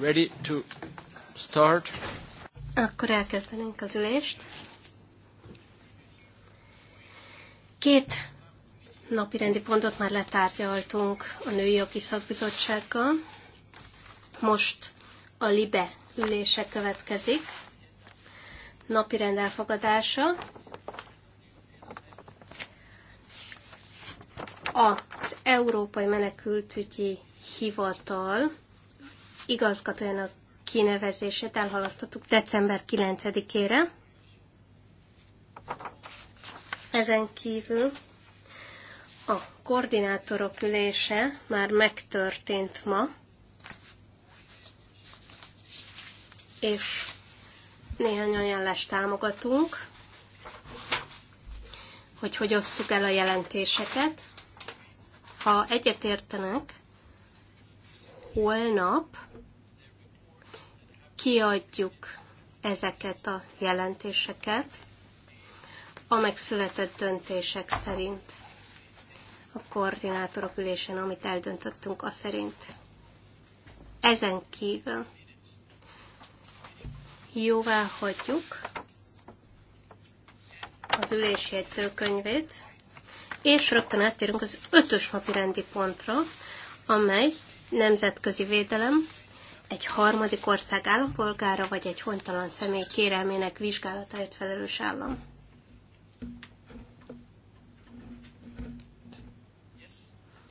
ready to start? Akkor elkezdenénk az ülést. Két napi rendi pontot már letárgyaltunk a Női Jogi Szakbizottsággal. Most a LIBE ülése következik. Napi rend elfogadása. Az Európai Menekültügyi Hivatal igazgatójának kinevezését elhalasztottuk december 9-ére. Ezen kívül a koordinátorok ülése már megtörtént ma, és néhány ajánlást támogatunk, hogy hogy osszuk el a jelentéseket. Ha egyetértenek, holnap kiadjuk ezeket a jelentéseket a megszületett döntések szerint, a koordinátorok ülésén, amit eldöntöttünk, a szerint. Ezen kívül jóvá hagyjuk az ülési jegyzőkönyvét, és rögtön áttérünk az ötös napi rendi pontra, amely nemzetközi védelem, egy harmadik ország állampolgára, vagy egy hontalan személy kérelmének vizsgálatáért felelős állam?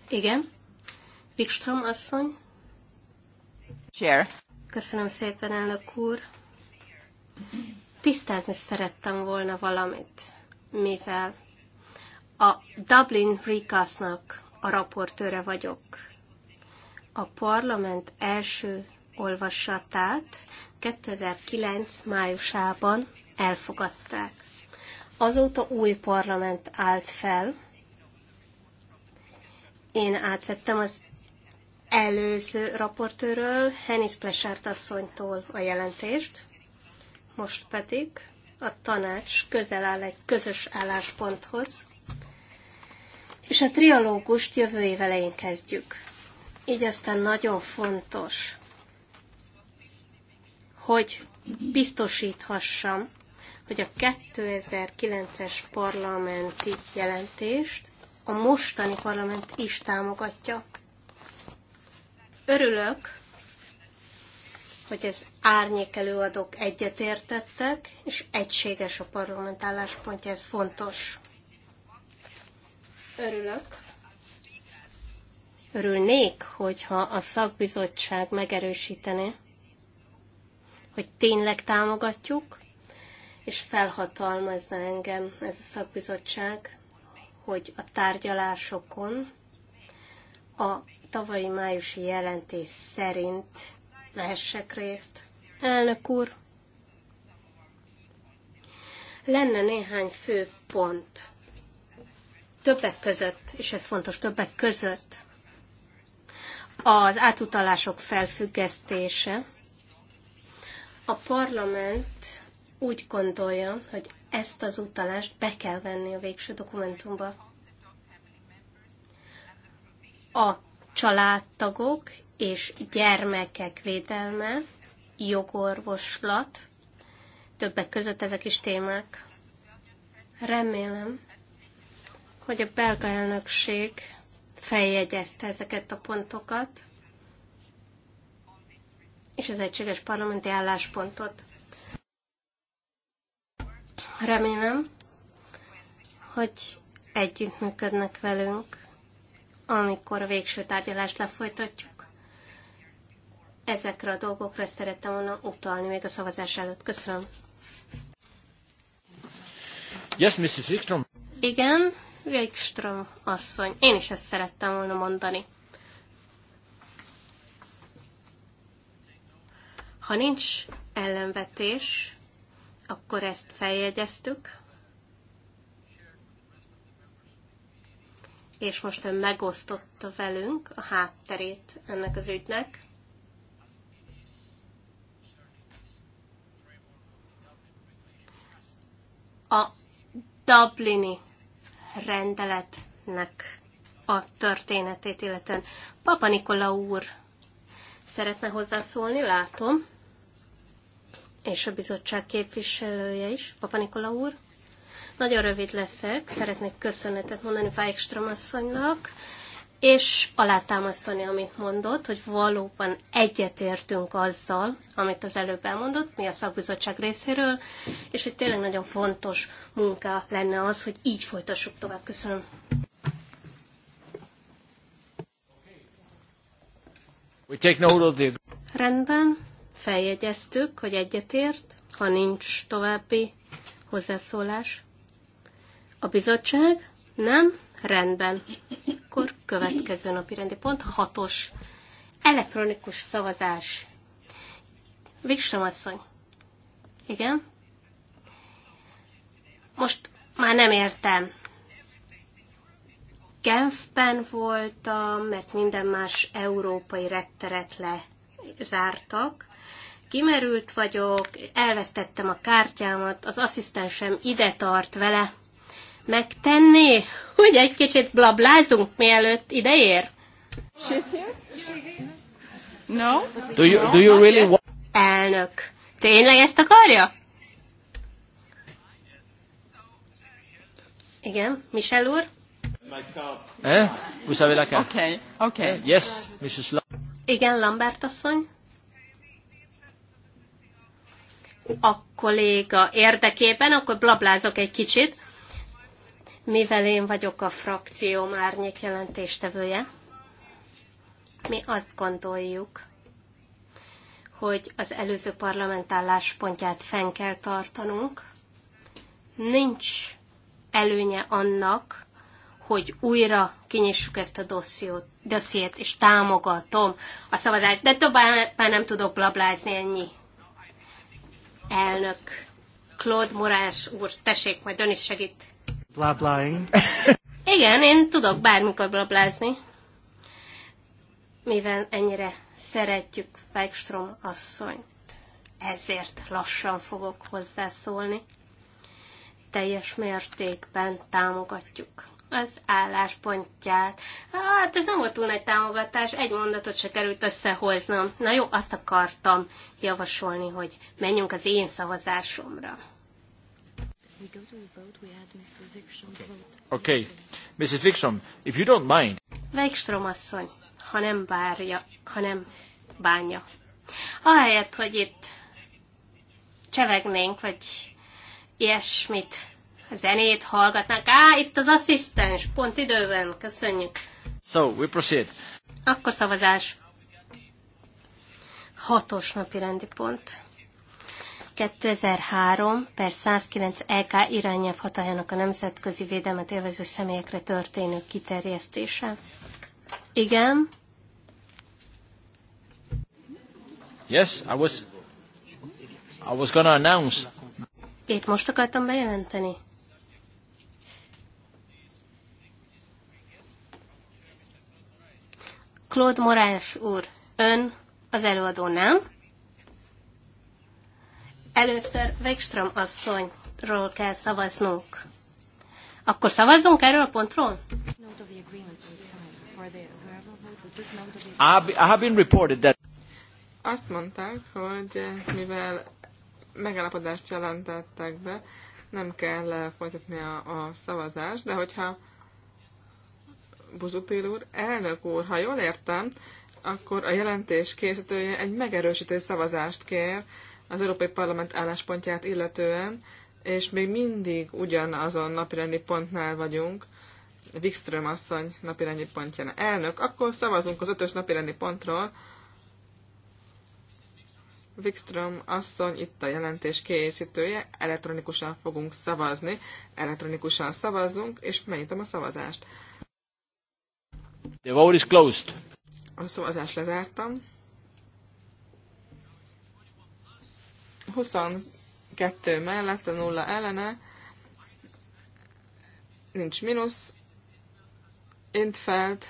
Igen. Wikström asszony. Chair. Köszönöm szépen, elnök úr. Tisztázni szerettem volna valamit, mivel a Dublin Recast-nak a raportőre vagyok. A parlament első olvasatát 2009. májusában elfogadták. Azóta új parlament állt fel. Én átvettem az előző raportőről, Henis Plesárt asszonytól a jelentést, most pedig a tanács közel áll egy közös állásponthoz, és a trialógust jövő év elején kezdjük. Így aztán nagyon fontos, hogy biztosíthassam, hogy a 2009-es parlamenti jelentést a mostani parlament is támogatja. Örülök, hogy az árnyék előadók egyetértettek, és egységes a parlament álláspontja, ez fontos. Örülök. Örülnék, hogyha a szakbizottság megerősítené, hogy tényleg támogatjuk, és felhatalmazna engem ez a szakbizottság, hogy a tárgyalásokon a tavalyi májusi jelentés szerint vehessek részt. Elnök úr, lenne néhány fő pont. Többek között, és ez fontos, többek között az átutalások felfüggesztése, a parlament úgy gondolja, hogy ezt az utalást be kell venni a végső dokumentumba. A családtagok és gyermekek védelme, jogorvoslat, többek között ezek is témák. Remélem, hogy a belga elnökség feljegyezte ezeket a pontokat, és az egységes parlamenti álláspontot. Remélem, hogy együttműködnek velünk, amikor a végső tárgyalást lefolytatjuk. Ezekre a dolgokra szerettem volna utalni még a szavazás előtt. Köszönöm. Yes, Mrs. Igen, Wikström asszony. Én is ezt szerettem volna mondani. Ha nincs ellenvetés, akkor ezt feljegyeztük, és most ön megosztotta velünk a hátterét ennek az ügynek. A Dublini rendeletnek a történetét, illetően Papa Nikola úr szeretne hozzászólni, látom és a bizottság képviselője is, Papa Nikola úr. Nagyon rövid leszek, szeretnék köszönetet mondani Vájkström asszonynak, és alátámasztani, amit mondott, hogy valóban egyetértünk azzal, amit az előbb elmondott, mi a szakbizottság részéről, és hogy tényleg nagyon fontos munka lenne az, hogy így folytassuk tovább. Köszönöm. We take note of the... Rendben feljegyeztük, hogy egyetért, ha nincs további hozzászólás. A bizottság? Nem? Rendben. Akkor következő napi rendi pont, hatos. Elektronikus szavazás. Végsem asszony. Igen? Most már nem értem. Genfben voltam, mert minden más európai retteret lezártak, kimerült vagyok, elvesztettem a kártyámat, az asszisztensem ide tart vele. Megtenné, hogy egy kicsit blablázunk, mielőtt ideér? She's here? No? Do you, do you really want... Elnök, tényleg ezt akarja? Igen, Michel úr? Eh? Vous savez la carte. Okay, okay. Yes, Mrs. Lambert. Igen, Lambert asszony. a kolléga érdekében, akkor blablázok egy kicsit, mivel én vagyok a frakció árnyék jelentéstevője. Mi azt gondoljuk, hogy az előző parlamentálás pontját fenn kell tartanunk. Nincs előnye annak, hogy újra kinyissuk ezt a dossziót, dossziét, és támogatom a szavazást, de tovább már nem tudok blablázni ennyi elnök Claude Morás úr, tessék, majd ön is segít. Blablaing. Igen, én tudok bármikor blablázni, mivel ennyire szeretjük Wegström asszonyt. Ezért lassan fogok hozzászólni. Teljes mértékben támogatjuk az álláspontját. Hát ez nem volt túl nagy támogatás, egy mondatot se került összehoznom. Na jó, azt akartam javasolni, hogy menjünk az én szavazásomra. Okay. Mrs. Wikström, if you don't mind. Wikström asszony, ha nem bárja, ha nem bánja. Ahelyett, hogy itt csevegnénk, vagy ilyesmit zenét hallgatnak. Á, itt az asszisztens, pont időben, köszönjük. So, we proceed. Akkor szavazás. Hatos napi rendi pont. 2003 per 109 EK irányelv hatájának a nemzetközi védelmet élvező személyekre történő kiterjesztése. Igen. Yes, I was, I was gonna announce. Itt most akartam bejelenteni. Claude Morales úr, ön az előadó, nem? Először Wegström asszonyról kell szavaznunk. Akkor szavazzunk erről a pontról? I have been reported that azt mondták, hogy mivel megállapodást jelentettek be, nem kell folytatni a, a szavazást, de hogyha Buzutil úr. Elnök úr, ha jól értem, akkor a jelentés készítője egy megerősítő szavazást kér az Európai Parlament álláspontját illetően, és még mindig ugyanazon napirendi pontnál vagyunk, Wikström asszony napirendi pontján. Elnök, akkor szavazunk az ötös napirendi pontról. Wikström asszony itt a jelentés készítője, elektronikusan fogunk szavazni, elektronikusan szavazunk, és megnyitom a szavazást. The vote is closed. A szavazást lezártam. 22 mellette, 0 ellene. Nincs mínusz. Intfeld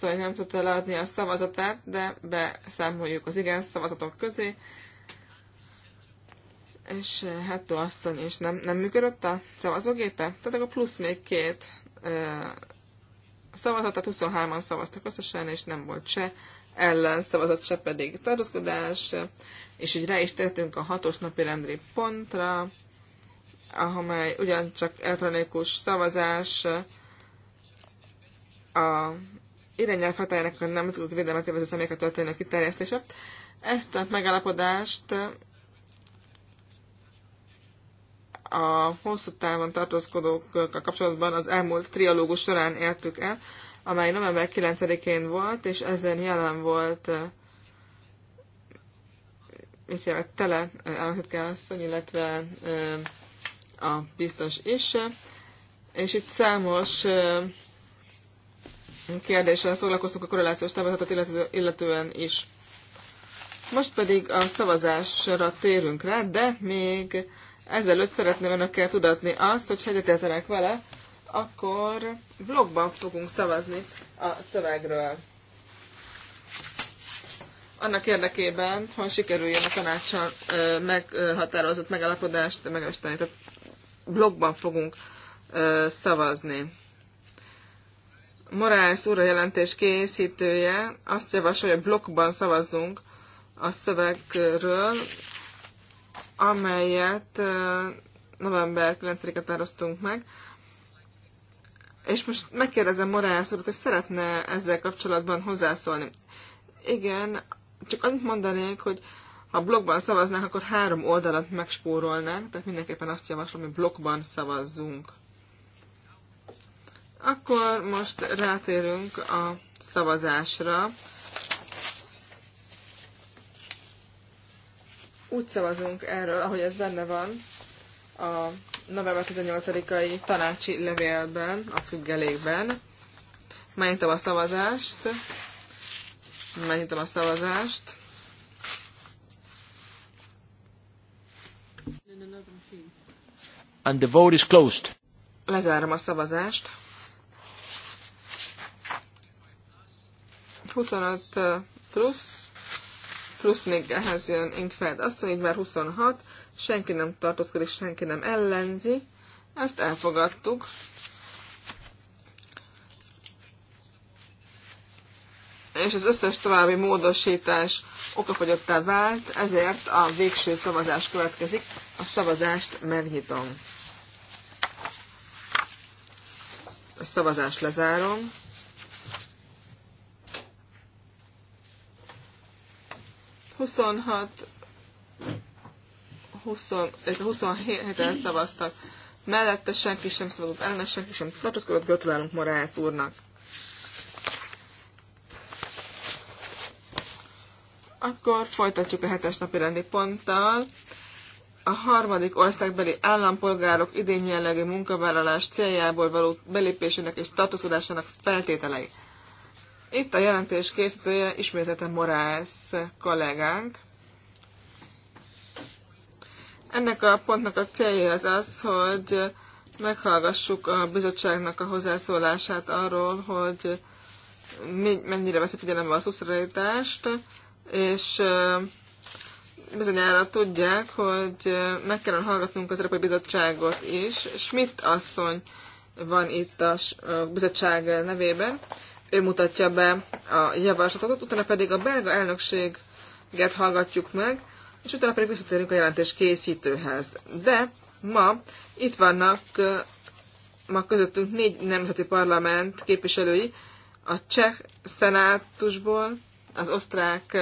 hogy nem tudta leadni a szavazatát, de beszámoljuk az igen szavazatok közé és eh, Hetto asszony is nem, nem működött a szavazógépe? Tehát a plusz még két eh, szavazat, tehát 23-an szavaztak összesen, és nem volt se ellen szavazat, se pedig tartózkodás, és így rá is tértünk a hatos napi rendri pontra, amely ugyancsak elektronikus szavazás eh, a irányelv hatájának a nemzetközi védelmet élvező személyekre történő kiterjesztése. Ezt a megállapodást a hosszú távon tartózkodókkal kapcsolatban az elmúlt trialógus során értük el, amely november 9-én volt, és ezen jelen volt viszont tele asszony, illetve a biztos is. És itt számos kérdéssel foglalkoztunk a korrelációs táblázatot illetően is. Most pedig a szavazásra térünk rá, de még Ezelőtt szeretném önökkel tudatni azt, hogy ha egyetértenek vele, akkor blogban fogunk szavazni a szövegről. Annak érdekében, hogy sikerüljön a tanácssal meghatározott megállapodást megesteni. Tehát blogban fogunk szavazni. Morális úr a jelentés készítője azt javasolja, hogy blokkban szavazzunk a szövegről, amelyet november 9-et tároztunk meg. És most megkérdezem Morász urat, hogy szeretne ezzel kapcsolatban hozzászólni. Igen, csak annyit mondanék, hogy ha blogban szavaznánk, akkor három oldalat megspórolnánk, tehát mindenképpen azt javaslom, hogy blogban szavazzunk. Akkor most rátérünk a szavazásra. úgy szavazunk erről, ahogy ez benne van a november 18-ai tanácsi levélben, a függelékben. Megnyitom a szavazást. Megnyitom a szavazást. And the vote is closed. Lezárom a szavazást. 25 plusz plusz még ehhez jön Intfeld asszony, hogy már 26, senki nem tartózkodik, senki nem ellenzi, ezt elfogadtuk. és az összes további módosítás okafogyottá vált, ezért a végső szavazás következik. A szavazást megnyitom. A szavazást lezárom. 26 20, 27-en szavaztak. Mellette senki sem szavazott, ellene senki sem tartozkodott, Gratulálunk Morász úrnak. Akkor folytatjuk a hetes napi rendi ponttal. A harmadik országbeli állampolgárok idén jellegű munkavállalás céljából való belépésének és tartózkodásának feltételei. Itt a jelentés készítője ismételten Morász kollégánk. Ennek a pontnak a célja az az, hogy meghallgassuk a bizottságnak a hozzászólását arról, hogy mennyire veszi figyelembe a szubszidiaritást, és bizonyára tudják, hogy meg kellene hallgatnunk az Európai Bizottságot is. Schmidt asszony van itt a bizottság nevében, ő mutatja be a javaslatot, utána pedig a belga elnökséget hallgatjuk meg, és utána pedig visszatérünk a jelentés készítőhez. De ma itt vannak ma közöttünk négy nemzeti parlament képviselői, a cseh szenátusból, az osztrák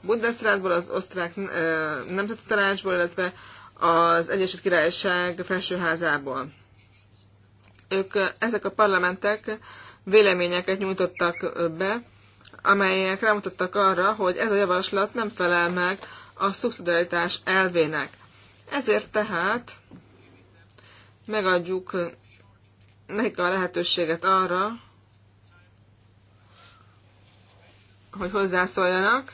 Bundesrátból, az osztrák nemzeti tanácsból, illetve az Egyesült Királyság felsőházából. Ők, ezek a parlamentek véleményeket nyújtottak be, amelyek rámutattak arra, hogy ez a javaslat nem felel meg a szubszidiaritás elvének. Ezért tehát megadjuk nekik a lehetőséget arra, hogy hozzászóljanak,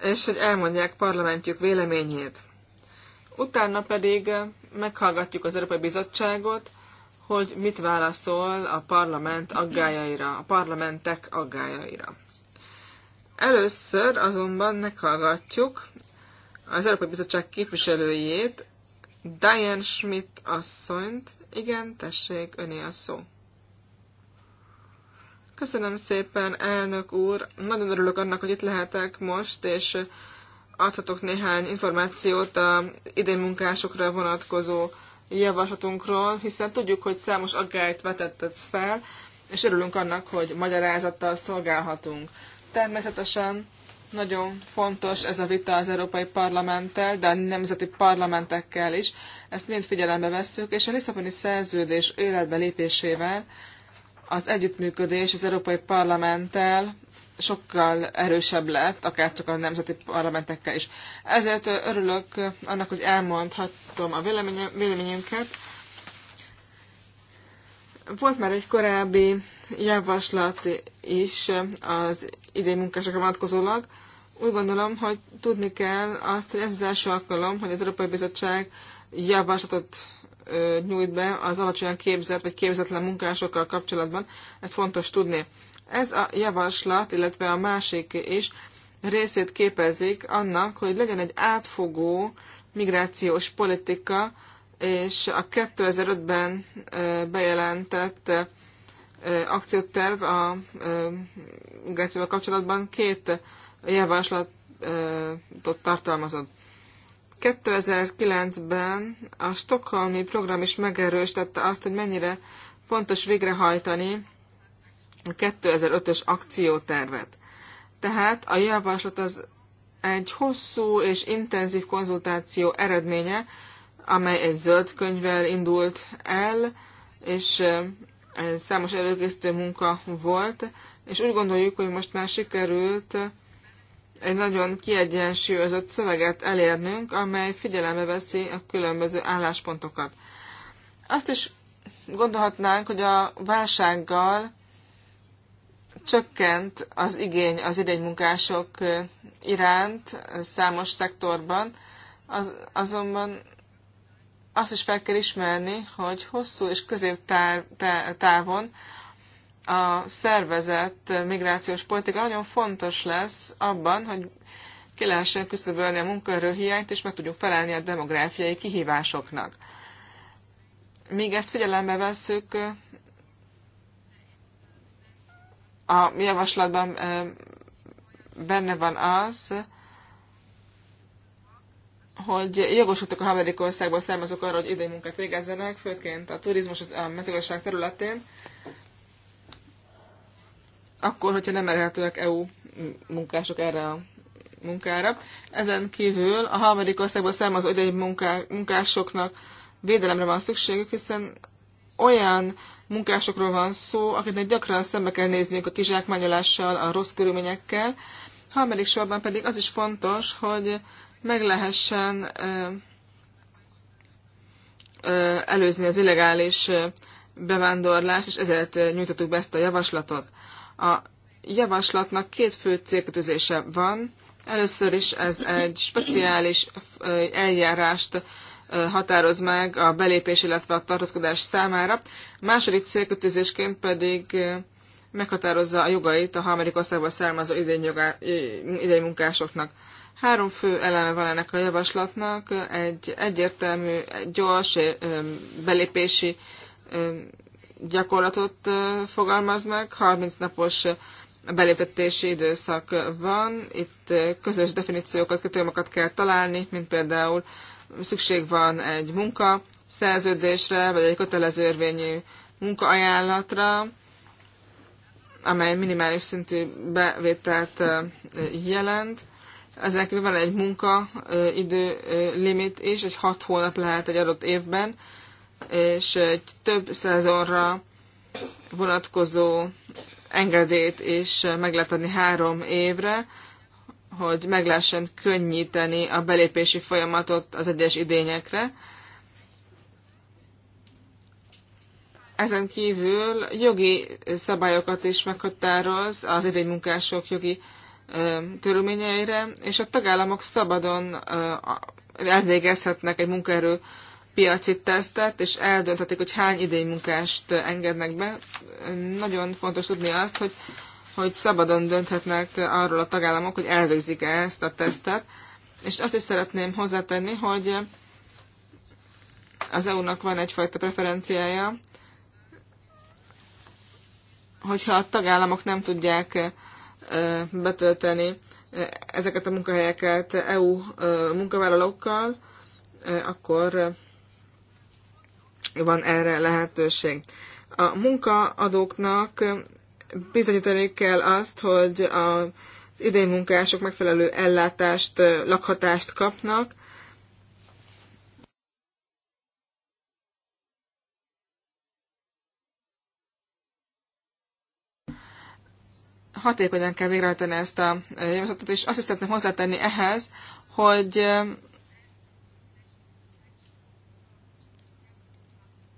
és hogy elmondják parlamentjük véleményét. Utána pedig meghallgatjuk az Európai Bizottságot, hogy mit válaszol a parlament aggájaira, a parlamentek aggájaira. Először azonban meghallgatjuk az Európai Bizottság képviselőjét, Diane Schmidt asszonyt. Igen, tessék, öné a szó. Köszönöm szépen, elnök úr. Nagyon örülök annak, hogy itt lehetek most, és adhatok néhány információt a idén munkásokra vonatkozó javaslatunkról, hiszen tudjuk, hogy számos aggályt vetetted fel, és örülünk annak, hogy magyarázattal szolgálhatunk. Természetesen nagyon fontos ez a vita az Európai Parlamenttel, de a nemzeti parlamentekkel is. Ezt mind figyelembe vesszük, és a Lisszaboni szerződés életbe lépésével az együttműködés az Európai Parlamenttel sokkal erősebb lett, akár csak a nemzeti parlamentekkel is. Ezért örülök annak, hogy elmondhattam a véleményünket. Volt már egy korábbi javaslat is az idei munkásokra vonatkozólag. Úgy gondolom, hogy tudni kell azt, hogy ez az első alkalom, hogy az Európai Bizottság javaslatot nyújt be az alacsonyan képzett vagy képzetlen munkásokkal kapcsolatban. Ez fontos tudni. Ez a javaslat, illetve a másik is részét képezik annak, hogy legyen egy átfogó migrációs politika, és a 2005-ben bejelentett akcióterv a migrációval kapcsolatban két javaslatot tartalmazott. 2009-ben a Stockholmi program is megerősítette azt, hogy mennyire fontos végrehajtani 2005-ös akciótervet. Tehát a javaslat az egy hosszú és intenzív konzultáció eredménye, amely egy zöld könyvvel indult el, és eh, számos előkészítő munka volt, és úgy gondoljuk, hogy most már sikerült egy nagyon kiegyensúlyozott szöveget elérnünk, amely figyelembe veszi a különböző álláspontokat. Azt is gondolhatnánk, hogy a válsággal Csökkent az igény az idénymunkások iránt számos szektorban, az, azonban azt is fel kell ismerni, hogy hosszú és középtávon a szervezett migrációs politika nagyon fontos lesz abban, hogy ki lehessen küszöbölni a munkaerőhiányt, és meg tudjuk felelni a demográfiai kihívásoknak. Míg ezt figyelembe veszük, a javaslatban benne van az, hogy jogosultak a harmadik országból származók arra, hogy idei munkát végezzenek, főként a turizmus, a mezőgazdaság területén, akkor, hogyha nem elérhetőek EU munkások erre a munkára. Ezen kívül a harmadik országból származó idei munkásoknak védelemre van szükségük, hiszen olyan munkásokról van szó, akiknek gyakran szembe kell nézniük a kizsákmányolással, a rossz körülményekkel. Harmadik sorban pedig az is fontos, hogy meg lehessen előzni az illegális bevándorlást, és ezért nyújtottuk be ezt a javaslatot. A javaslatnak két fő célkötözése van. Először is ez egy speciális eljárást határoz meg a belépés, illetve a tartózkodás számára. A második célkötőzésként pedig meghatározza a jogait a harmadik országból származó idénymunkásoknak. Három fő eleme van ennek a javaslatnak, egy egyértelmű, egy gyors belépési gyakorlatot fogalmaz meg, 30 napos beléptetési időszak van, itt közös definíciókat, kötőmokat kell találni, mint például szükség van egy munka szerződésre, vagy egy kötelező érvényű munkaajánlatra, amely minimális szintű bevételt jelent. Ezen kívül van egy munkaidő limit is, egy hat hónap lehet egy adott évben, és egy több szezonra vonatkozó engedélyt is meg lehet adni három évre, hogy meg lehessen könnyíteni a belépési folyamatot az egyes idényekre. Ezen kívül jogi szabályokat is meghatároz az idénymunkások jogi ö, körülményeire, és a tagállamok szabadon ö, elvégezhetnek egy munkaerő piaci tesztet, és eldönthetik, hogy hány idénymunkást engednek be. Nagyon fontos tudni azt, hogy hogy szabadon dönthetnek arról a tagállamok, hogy elvégzik-e ezt a tesztet. És azt is szeretném hozzátenni, hogy az EU-nak van egyfajta preferenciája, hogyha a tagállamok nem tudják betölteni ezeket a munkahelyeket EU munkavállalókkal, akkor van erre lehetőség. A munkaadóknak bizonyítani kell azt, hogy az idei munkások megfelelő ellátást, lakhatást kapnak, hatékonyan kell végrehajtani ezt a javaslatot, és azt is szeretném hozzátenni ehhez, hogy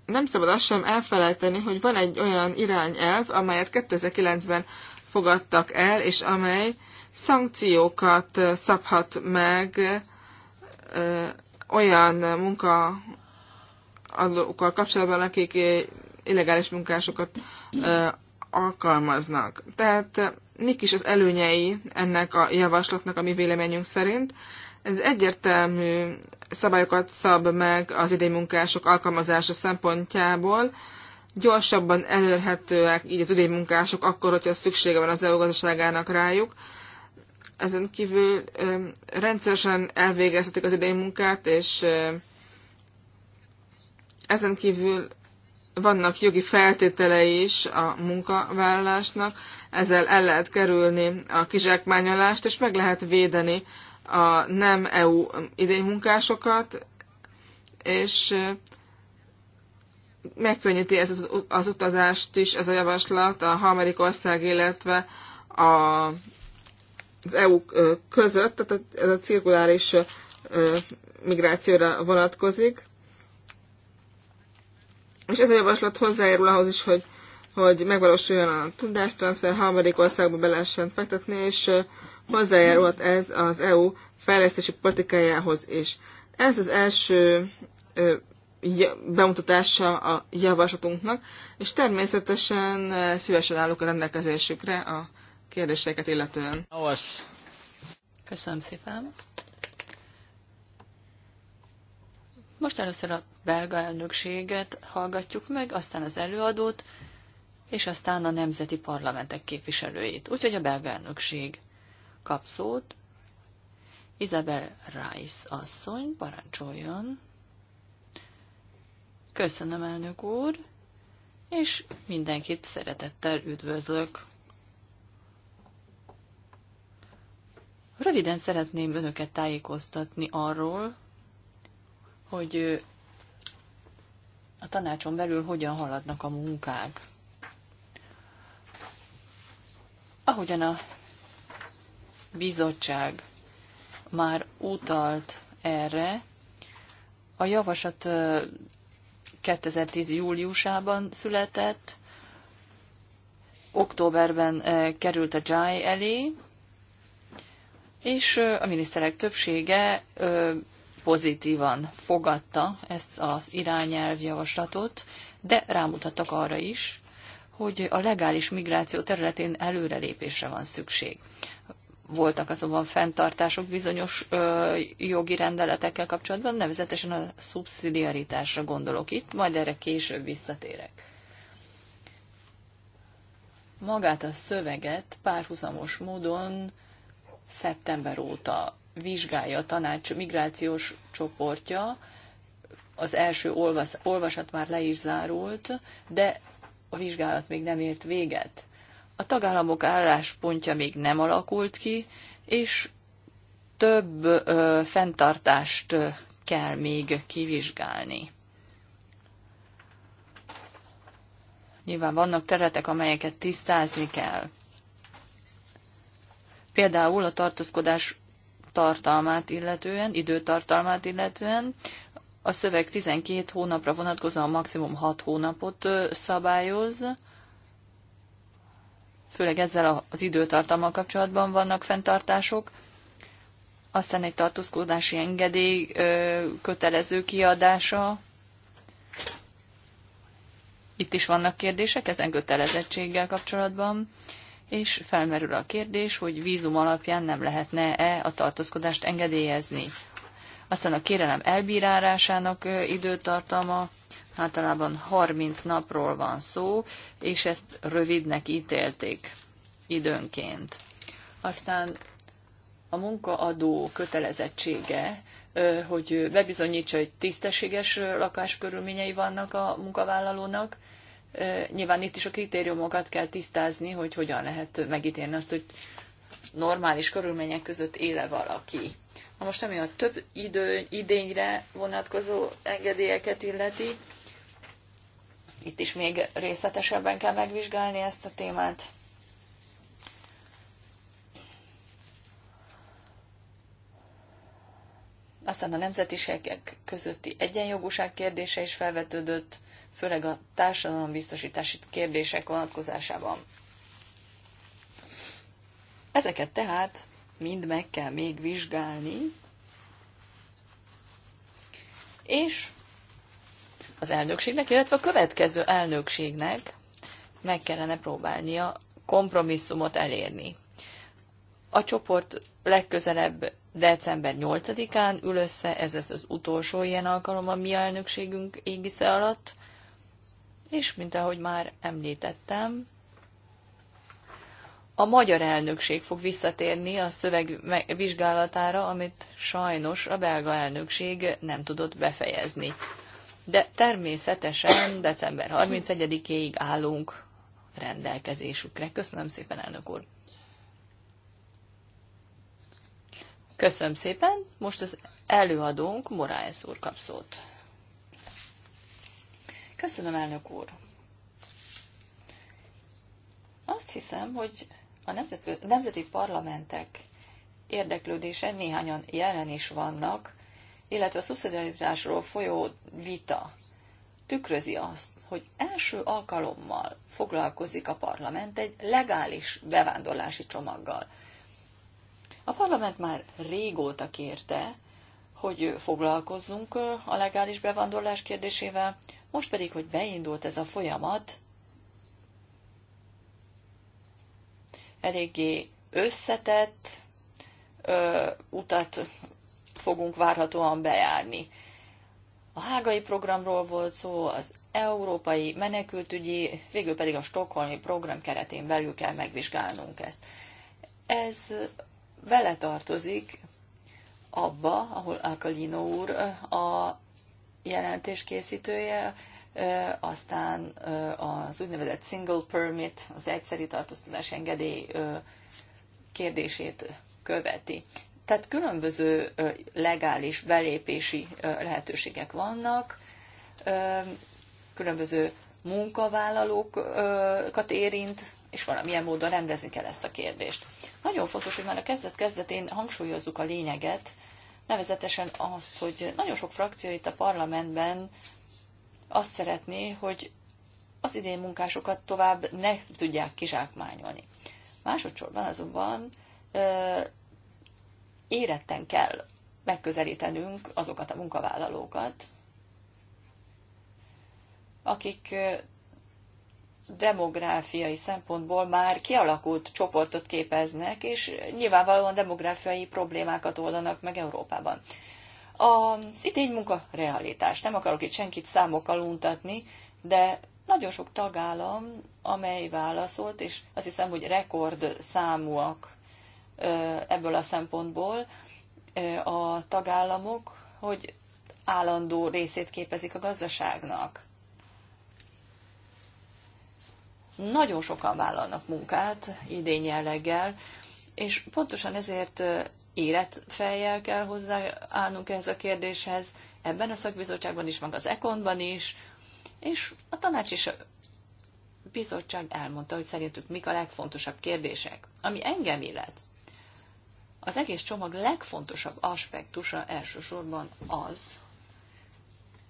nem szabad azt sem elfelejteni, hogy van egy olyan irányelv, amelyet 2009-ben fogadtak el, és amely szankciókat szabhat meg olyan munkaadókkal kapcsolatban, akik illegális munkásokat alkalmaznak. Tehát mik is az előnyei ennek a javaslatnak a mi véleményünk szerint? Ez egyértelmű szabályokat szab meg az idénymunkások alkalmazása szempontjából. Gyorsabban elérhetőek így az idénymunkások akkor, hogyha szüksége van az EU gazdaságának rájuk. Ezen kívül rendszeresen elvégezhetik az idénymunkát, és ezen kívül vannak jogi feltételei is a munkavállalásnak, ezzel el lehet kerülni a kizsákmányolást, és meg lehet védeni a nem EU idénymunkásokat, és megkönnyíti ez az, utazást is, ez a javaslat a harmadik ország, illetve a, az EU között, tehát ez a cirkuláris migrációra vonatkozik. És ez a javaslat hozzájárul ahhoz is, hogy hogy megvalósuljon a tudástranszfer, harmadik országba be lehessen fektetni, és hozzájárult ez az EU fejlesztési politikájához is. Ez az első bemutatása a javaslatunknak, és természetesen szívesen állok a rendelkezésükre a kérdéseket illetően. Köszönöm szépen. Most először a belga elnökséget hallgatjuk meg, aztán az előadót, és aztán a nemzeti parlamentek képviselőit. Úgyhogy a belga elnökség kap szót. Isabel Rice asszony, parancsoljon. Köszönöm, elnök úr, és mindenkit szeretettel üdvözlök. Röviden szeretném önöket tájékoztatni arról, hogy a tanácson belül hogyan haladnak a munkák. Ahogyan a bizottság már utalt erre, a javaslat 2010. júliusában született, októberben került a JAI elé, és a miniszterek többsége pozitívan fogadta ezt az irányelvjavaslatot, de rámutattak arra is, hogy a legális migráció területén előrelépésre van szükség. Voltak azonban fenntartások bizonyos ö, jogi rendeletekkel kapcsolatban, nevezetesen a szubszidiaritásra gondolok itt, majd erre később visszatérek. Magát a szöveget párhuzamos módon szeptember óta vizsgálja a tanács migrációs csoportja, az első olvas, olvasat már le is zárult, de a vizsgálat még nem ért véget. A tagállamok álláspontja még nem alakult ki, és több ö, fenntartást kell még kivizsgálni. Nyilván vannak területek, amelyeket tisztázni kell. Például a tartózkodás tartalmát illetően, időtartalmát illetően, a szöveg 12 hónapra vonatkozóan maximum 6 hónapot szabályoz, főleg ezzel az időtartammal kapcsolatban vannak fenntartások. Aztán egy tartózkodási engedély kötelező kiadása. Itt is vannak kérdések ezen kötelezettséggel kapcsolatban, és felmerül a kérdés, hogy vízum alapján nem lehetne-e a tartózkodást engedélyezni. Aztán a kérelem elbírálásának időtartama általában 30 napról van szó, és ezt rövidnek ítélték időnként. Aztán a munkaadó kötelezettsége, hogy bebizonyítsa, hogy tisztességes lakáskörülményei vannak a munkavállalónak. Nyilván itt is a kritériumokat kell tisztázni, hogy hogyan lehet megítélni azt, hogy normális körülmények között éle valaki. Na most ami a több idő, idényre vonatkozó engedélyeket illeti, itt is még részletesebben kell megvizsgálni ezt a témát. Aztán a nemzetiségek közötti egyenjogúság kérdése is felvetődött, főleg a társadalombiztosítási kérdések vonatkozásában. Ezeket tehát mind meg kell még vizsgálni, és az elnökségnek, illetve a következő elnökségnek meg kellene próbálnia kompromisszumot elérni. A csoport legközelebb december 8-án ül össze, ez lesz az utolsó ilyen alkalom a mi elnökségünk égisze alatt, és mint ahogy már említettem, a magyar elnökség fog visszatérni a szöveg vizsgálatára, amit sajnos a belga elnökség nem tudott befejezni. De természetesen december 31 ig állunk rendelkezésükre. Köszönöm szépen, elnök úr! Köszönöm szépen, most az előadónk Moráez úr kap szót. Köszönöm, elnök úr! Azt hiszem, hogy a nemzeti, nemzeti parlamentek érdeklődése néhányan jelen is vannak, illetve a szubszidiaritásról folyó vita tükrözi azt, hogy első alkalommal foglalkozik a parlament egy legális bevándorlási csomaggal. A parlament már régóta kérte, hogy foglalkozzunk a legális bevándorlás kérdésével, most pedig, hogy beindult ez a folyamat, eléggé összetett ö, utat fogunk várhatóan bejárni. A hágai programról volt szó, az európai menekültügyi, végül pedig a stokholmi program keretén belül kell megvizsgálnunk ezt. Ez tartozik abba, ahol Alkalino úr a jelentés készítője, aztán az úgynevezett single permit, az egyszeri tartóztatás engedély kérdését követi. Tehát különböző legális belépési lehetőségek vannak, különböző munkavállalókat érint, és valamilyen módon rendezni kell ezt a kérdést. Nagyon fontos, hogy már a kezdet-kezdetén hangsúlyozzuk a lényeget, nevezetesen azt, hogy nagyon sok frakció itt a parlamentben azt szeretné, hogy az idén munkásokat tovább ne tudják kizsákmányolni. Másodszorban azonban ö, éretten kell megközelítenünk azokat a munkavállalókat, akik demográfiai szempontból már kialakult csoportot képeznek, és nyilvánvalóan demográfiai problémákat oldanak meg Európában. A szitény munka realitás. Nem akarok itt senkit számokkal untatni, de nagyon sok tagállam, amely válaszolt, és azt hiszem, hogy rekord számúak ebből a szempontból a tagállamok, hogy állandó részét képezik a gazdaságnak. Nagyon sokan vállalnak munkát idén jelleggel, és pontosan ezért érett kell hozzáállnunk ehhez a kérdéshez, ebben a szakbizottságban is, meg az Ekonban is, és a tanács is a bizottság elmondta, hogy szerintük mik a legfontosabb kérdések, ami engem illet. Az egész csomag legfontosabb aspektusa elsősorban az,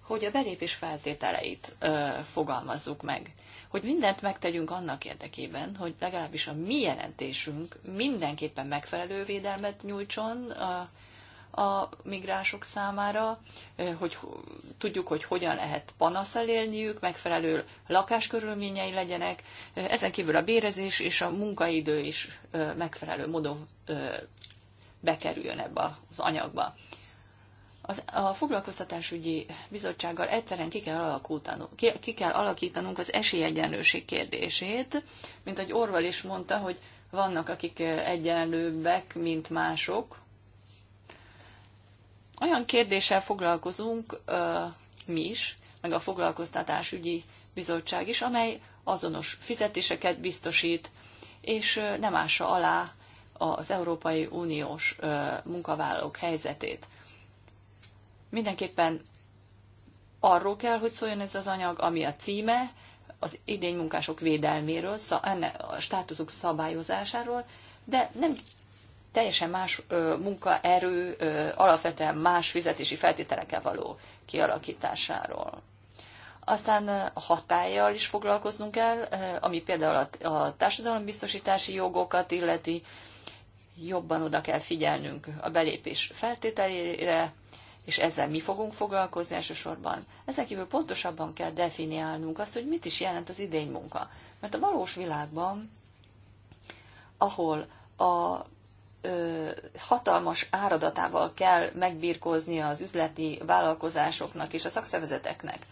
hogy a belépés feltételeit ö, fogalmazzuk meg hogy mindent megtegyünk annak érdekében, hogy legalábbis a mi jelentésünk mindenképpen megfelelő védelmet nyújtson a, a migránsok számára, hogy tudjuk, hogy hogyan lehet panaszal élniük, megfelelő lakáskörülményei legyenek, ezen kívül a bérezés és a munkaidő is megfelelő módon bekerüljön ebbe az anyagba. Az, a foglalkoztatásügyi bizottsággal egyszerűen ki kell, ki, ki kell alakítanunk az esélyegyenlőség kérdését, mint ahogy Orval is mondta, hogy vannak, akik eh, egyenlőbbek, mint mások. Olyan kérdéssel foglalkozunk ö, mi is, meg a foglalkoztatásügyi bizottság is, amely azonos fizetéseket biztosít, és nem ássa alá az Európai Uniós munkavállalók helyzetét. Mindenképpen arról kell, hogy szóljon ez az anyag, ami a címe, az idény munkások védelméről, a státuszuk szabályozásáról, de nem teljesen más ö, munkaerő, ö, alapvetően más fizetési feltételekkel való kialakításáról. Aztán a hatállyal is foglalkoznunk kell, ami például a, a társadalombiztosítási jogokat illeti, jobban oda kell figyelnünk a belépés feltételére, és ezzel mi fogunk foglalkozni elsősorban. Ezen kívül pontosabban kell definiálnunk azt, hogy mit is jelent az idény munka. Mert a valós világban, ahol a ö, hatalmas áradatával kell megbírkozni az üzleti vállalkozásoknak és a szakszervezeteknek,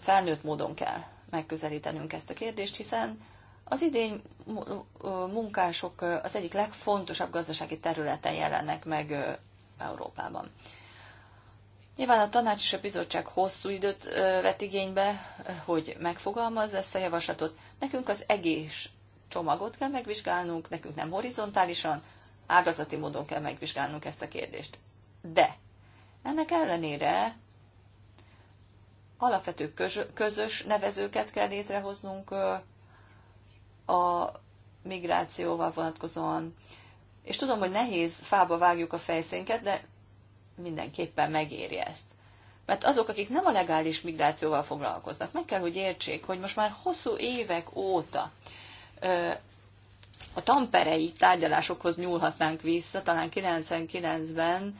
felnőtt módon kell megközelítenünk ezt a kérdést, hiszen az idény munkások az egyik legfontosabb gazdasági területen jelennek meg Európában. Nyilván a tanács és a bizottság hosszú időt vett igénybe, hogy megfogalmazza ezt a javaslatot. Nekünk az egész csomagot kell megvizsgálnunk, nekünk nem horizontálisan, ágazati módon kell megvizsgálnunk ezt a kérdést. De ennek ellenére alapvető közös nevezőket kell létrehoznunk a migrációval vonatkozóan, és tudom, hogy nehéz fába vágjuk a fejszénket, de mindenképpen megéri ezt. Mert azok, akik nem a legális migrációval foglalkoznak, meg kell, hogy értsék, hogy most már hosszú évek óta a tamperei tárgyalásokhoz nyúlhatnánk vissza, talán 99-ben,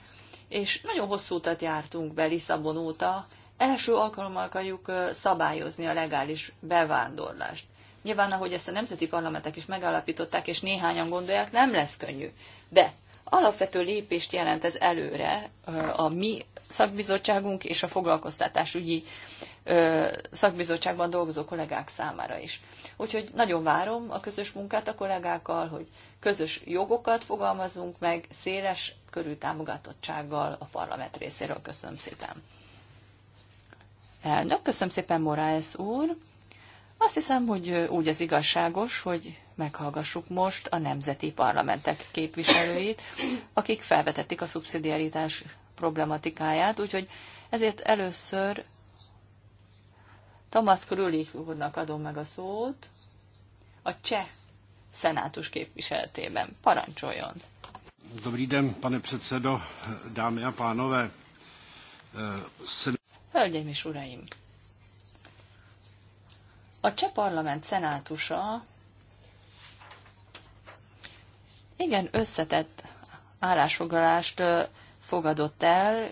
és nagyon hosszú utat jártunk be Lisszabon óta, első alkalommal akarjuk szabályozni a legális bevándorlást. Nyilván, ahogy ezt a nemzeti parlamentek is megállapították, és néhányan gondolják, nem lesz könnyű. De alapvető lépést jelent ez előre a mi szakbizottságunk és a foglalkoztatásügyi szakbizottságban dolgozó kollégák számára is. Úgyhogy nagyon várom a közös munkát a kollégákkal, hogy közös jogokat fogalmazunk meg széles körű támogatottsággal a parlament részéről. Köszönöm szépen. Elnök, köszönöm szépen, Moraes úr. Azt hiszem, hogy úgy az igazságos, hogy meghallgassuk most a nemzeti parlamentek képviselőit, akik felvetették a szubszidiaritás problematikáját, úgyhogy ezért először Tamás Krülik úrnak adom meg a szót a cseh szenátus képviseletében. Parancsoljon! Dobrý den, pane předsedo, dámy a pánové. Hölgyeim és uraim! A cseh parlament szenátusa igen összetett állásfoglalást fogadott el,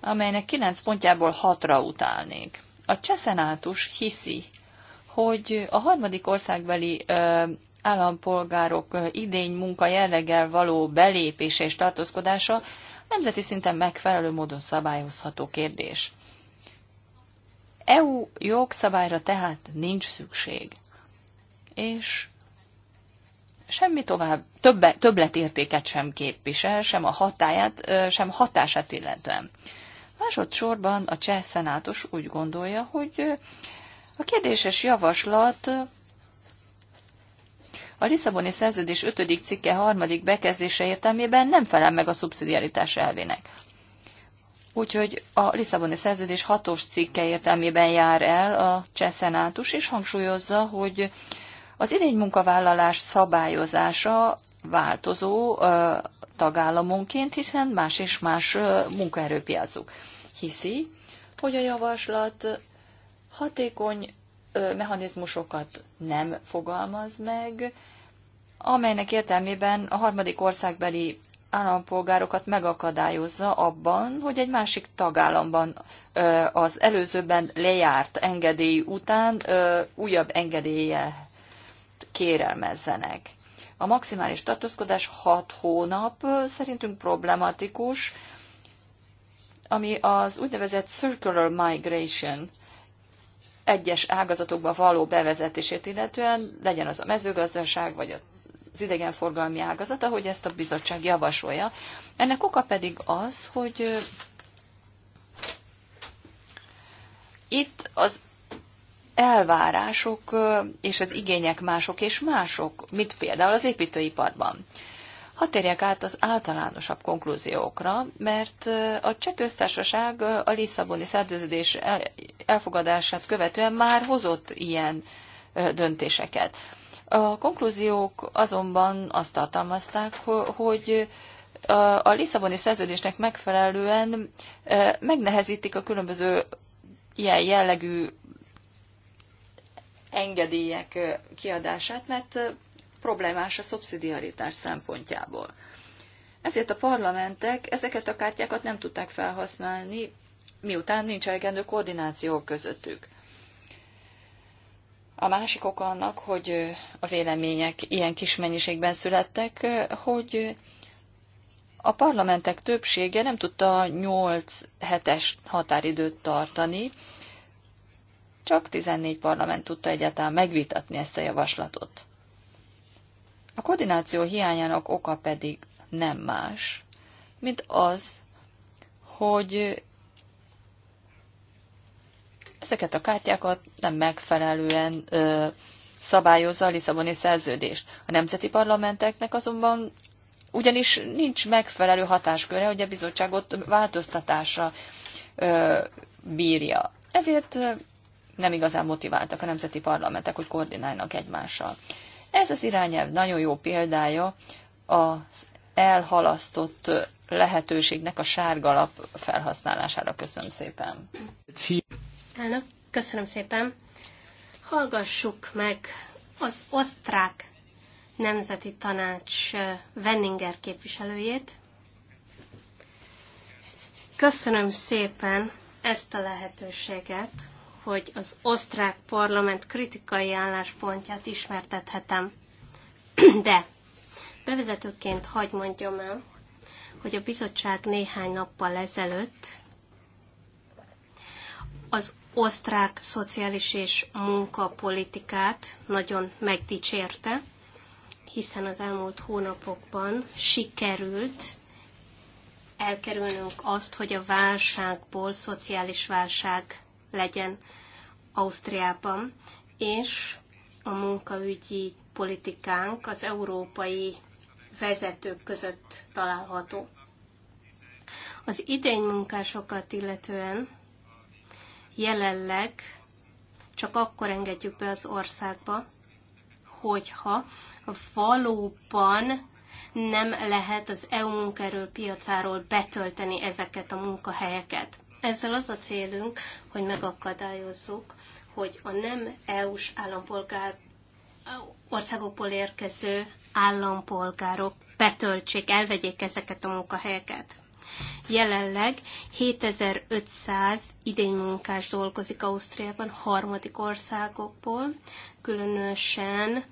amelynek kilenc pontjából hatra utálnék. A cseh szenátus hiszi, hogy a harmadik országbeli állampolgárok idény munka jelleggel való belépése és tartózkodása nemzeti szinten megfelelő módon szabályozható kérdés. EU jogszabályra tehát nincs szükség. És semmi tovább, többe, többletértéket sem képvisel, sem a hatáját, sem hatását illetően. Másodszorban a cseh szenátus úgy gondolja, hogy a kérdéses javaslat a Lisszaboni szerződés 5. cikke 3. bekezdése értelmében nem felel meg a szubszidiaritás elvének. Úgyhogy a Lisszaboni szerződés hatos cikke értelmében jár el a szenátus, és hangsúlyozza, hogy az idény munkavállalás szabályozása változó tagállamonként, hiszen más és más munkaerőpiacuk. Hiszi, hogy a javaslat hatékony mechanizmusokat nem fogalmaz meg, amelynek értelmében a harmadik országbeli állampolgárokat megakadályozza abban, hogy egy másik tagállamban az előzőben lejárt engedély után újabb engedélye kérelmezzenek. A maximális tartózkodás 6 hónap szerintünk problematikus, ami az úgynevezett circular migration egyes ágazatokba való bevezetését illetően, legyen az a mezőgazdaság vagy a az idegenforgalmi ágazat, ahogy ezt a bizottság javasolja. Ennek oka pedig az, hogy itt az elvárások és az igények mások és mások, mint például az építőiparban. Ha térjek át az általánosabb konklúziókra, mert a cseh köztársaság a Lisszaboni szerződés elfogadását követően már hozott ilyen döntéseket. A konklúziók azonban azt tartalmazták, hogy a Lisszaboni szerződésnek megfelelően megnehezítik a különböző ilyen jellegű engedélyek kiadását, mert problémás a szubszidiaritás szempontjából. Ezért a parlamentek ezeket a kártyákat nem tudták felhasználni, miután nincs elegendő koordináció közöttük. A másik oka annak, hogy a vélemények ilyen kis mennyiségben születtek, hogy a parlamentek többsége nem tudta 8 hetes határidőt tartani, csak 14 parlament tudta egyáltalán megvitatni ezt a javaslatot. A koordináció hiányának oka pedig nem más, mint az, hogy ezeket a kártyákat nem megfelelően ö, szabályozza a Lisszaboni szerződést. A nemzeti parlamenteknek azonban ugyanis nincs megfelelő hatásköre, hogy a bizottságot változtatásra ö, bírja. Ezért nem igazán motiváltak a nemzeti parlamentek, hogy koordinálnak egymással. Ez az irányelv nagyon jó példája az elhalasztott lehetőségnek a sárgalap felhasználására. Köszönöm szépen. Elnök, köszönöm szépen. Hallgassuk meg az osztrák nemzeti tanács Venninger eh, képviselőjét. Köszönöm szépen ezt a lehetőséget, hogy az osztrák parlament kritikai álláspontját ismertethetem. De bevezetőként hagyd mondjam el, hogy a bizottság néhány nappal ezelőtt az osztrák szociális és munkapolitikát nagyon megdicsérte, hiszen az elmúlt hónapokban sikerült elkerülnünk azt, hogy a válságból szociális válság legyen Ausztriában, és a munkaügyi politikánk az európai vezetők között található. Az idény munkásokat illetően jelenleg csak akkor engedjük be az országba, hogyha valóban nem lehet az EU munkaerőpiacáról betölteni ezeket a munkahelyeket. Ezzel az a célunk, hogy megakadályozzuk, hogy a nem EU-s állampolgár országokból érkező állampolgárok betöltsék, elvegyék ezeket a munkahelyeket. Jelenleg 7500 idénymunkás dolgozik Ausztriában harmadik országokból, különösen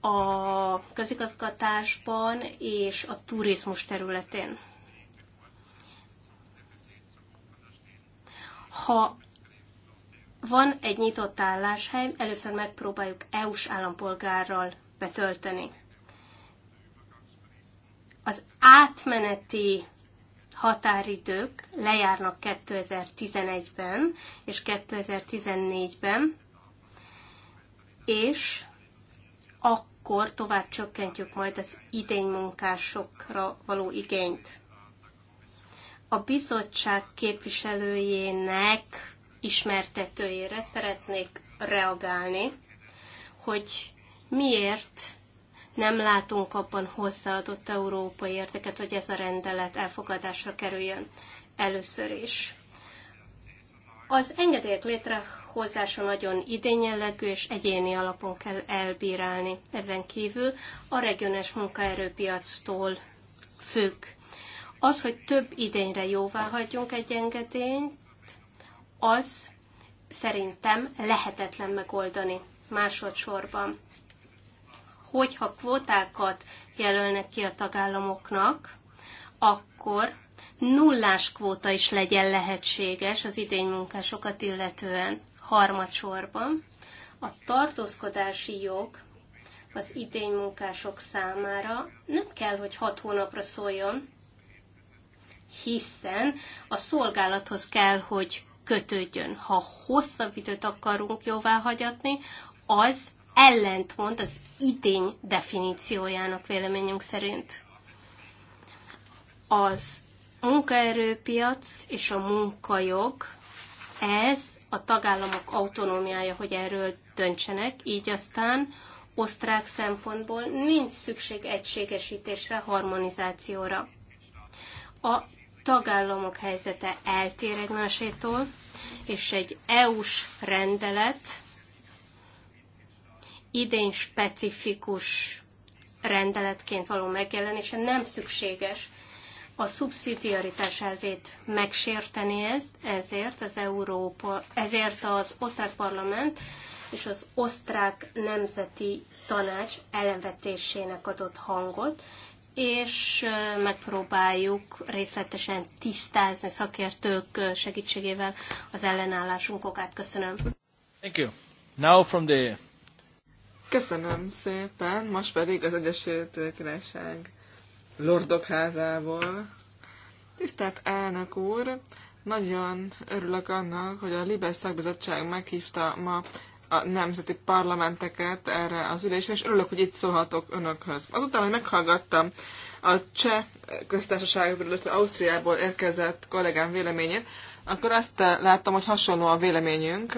a közigazgatásban és a turizmus területén. Ha van egy nyitott álláshely, először megpróbáljuk EU-s állampolgárral betölteni. Az átmeneti határidők lejárnak 2011-ben és 2014-ben, és akkor tovább csökkentjük majd az idénymunkásokra való igényt. A bizottság képviselőjének ismertetőjére szeretnék reagálni, hogy miért nem látunk abban hozzáadott európai érteket, hogy ez a rendelet elfogadásra kerüljön először is. Az engedélyek létrehozása nagyon idényellegű és egyéni alapon kell elbírálni. Ezen kívül a regionális munkaerőpiactól függ. Az, hogy több idényre jóvá hagyjunk egy engedélyt, az szerintem lehetetlen megoldani másodszorban hogyha kvótákat jelölnek ki a tagállamoknak, akkor nullás kvóta is legyen lehetséges az idénymunkásokat illetően harmadsorban. A tartózkodási jog az idénymunkások számára nem kell, hogy hat hónapra szóljon, hiszen a szolgálathoz kell, hogy kötődjön. Ha hosszabb időt akarunk jóvá hagyatni, az ellentmond az idény definíciójának véleményünk szerint. Az munkaerőpiac és a munkajog, ez a tagállamok autonómiája, hogy erről döntsenek, így aztán osztrák szempontból nincs szükség egységesítésre, harmonizációra. A tagállamok helyzete eltér egymásétól, és egy EU-s rendelet idén specifikus rendeletként való megjelenése nem szükséges. A szubszidiaritás elvét megsérteni ezt, ezért az Európa, ezért az osztrák parlament és az osztrák nemzeti tanács ellenvetésének adott hangot, és megpróbáljuk részletesen tisztázni szakértők segítségével az ellenállásunk okát. Köszönöm. Thank you. Now from the Köszönöm szépen, most pedig az Egyesült Királyság Lordok házából. Tisztelt elnök úr, nagyon örülök annak, hogy a Libes szakbizottság meghívta ma a nemzeti parlamenteket erre az ülésre, és örülök, hogy itt szólhatok önökhöz. Azután, hogy meghallgattam a cseh köztársaságból, illetve Ausztriából érkezett kollégám véleményét, akkor azt láttam, hogy hasonló a véleményünk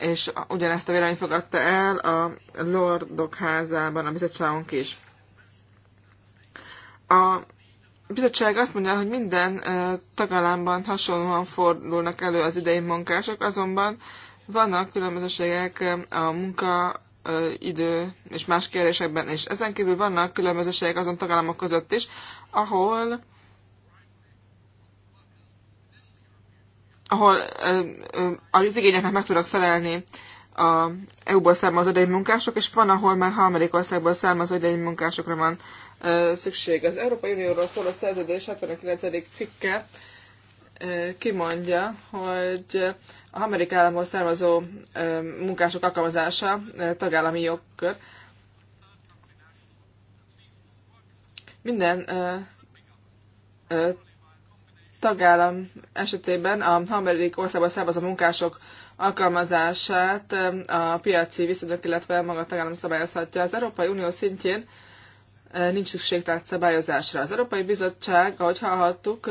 és ugyanezt a véleményt fogadta el a Lordok házában a bizottságunk is. A bizottság azt mondja, hogy minden tagállamban hasonlóan fordulnak elő az idei munkások, azonban vannak különbözőségek a munka idő és más kérdésekben is. Ezen kívül vannak különbözőségek azon tagállamok között is, ahol ahol az igényeknek meg tudnak felelni a EU-ból származó idei munkások, és van, ahol már harmadik országból származó idei munkásokra van szükség. Az Európai Unióról szóló szerződés 79. cikke kimondja, hogy a harmadik államból származó munkások alkalmazása tagállami jogkör. Minden tagállam esetében a harmadik országban származó munkások alkalmazását a piaci viszonyok, illetve maga a tagállam szabályozhatja. Az Európai Unió szintjén nincs szükség tehát szabályozásra. Az Európai Bizottság, ahogy hallhattuk,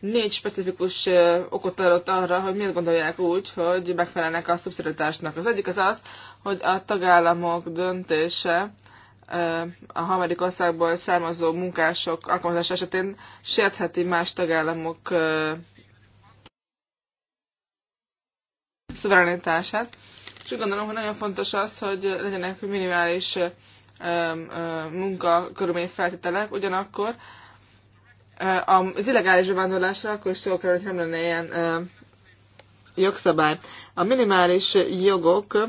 négy specifikus okot adott arra, hogy miért gondolják úgy, hogy megfelelnek a szubszidiaritásnak. Az egyik az az, hogy a tagállamok döntése a harmadik országból származó munkások alkalmazása esetén sértheti más tagállamok szuverenitását. És úgy gondolom, hogy nagyon fontos az, hogy legyenek minimális munkakörülmény feltételek, ugyanakkor az illegális bevándorlásra akkor is szó kell, hogy nem lenne ilyen jogszabály. A minimális jogok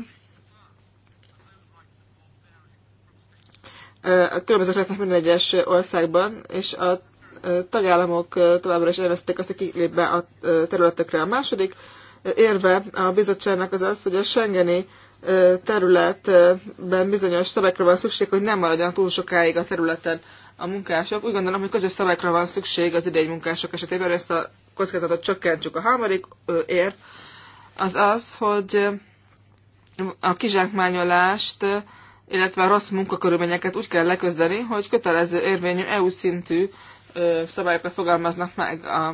a különböző lehetnek minden egyes országban, és a tagállamok továbbra is elvezték azt, hogy kilép be a területekre. A második érve a bizottságnak az az, hogy a Schengeni területben bizonyos szabályokra van szükség, hogy nem maradjon túl sokáig a területen a munkások. Úgy gondolom, hogy közös szabályokra van szükség az idei munkások esetében, ezt a kockázatot csökkentsük. A harmadik érv az az, hogy a kizsákmányolást illetve a rossz munkakörülményeket úgy kell leközdeni, hogy kötelező érvényű EU szintű szabályokat fogalmaznak meg a,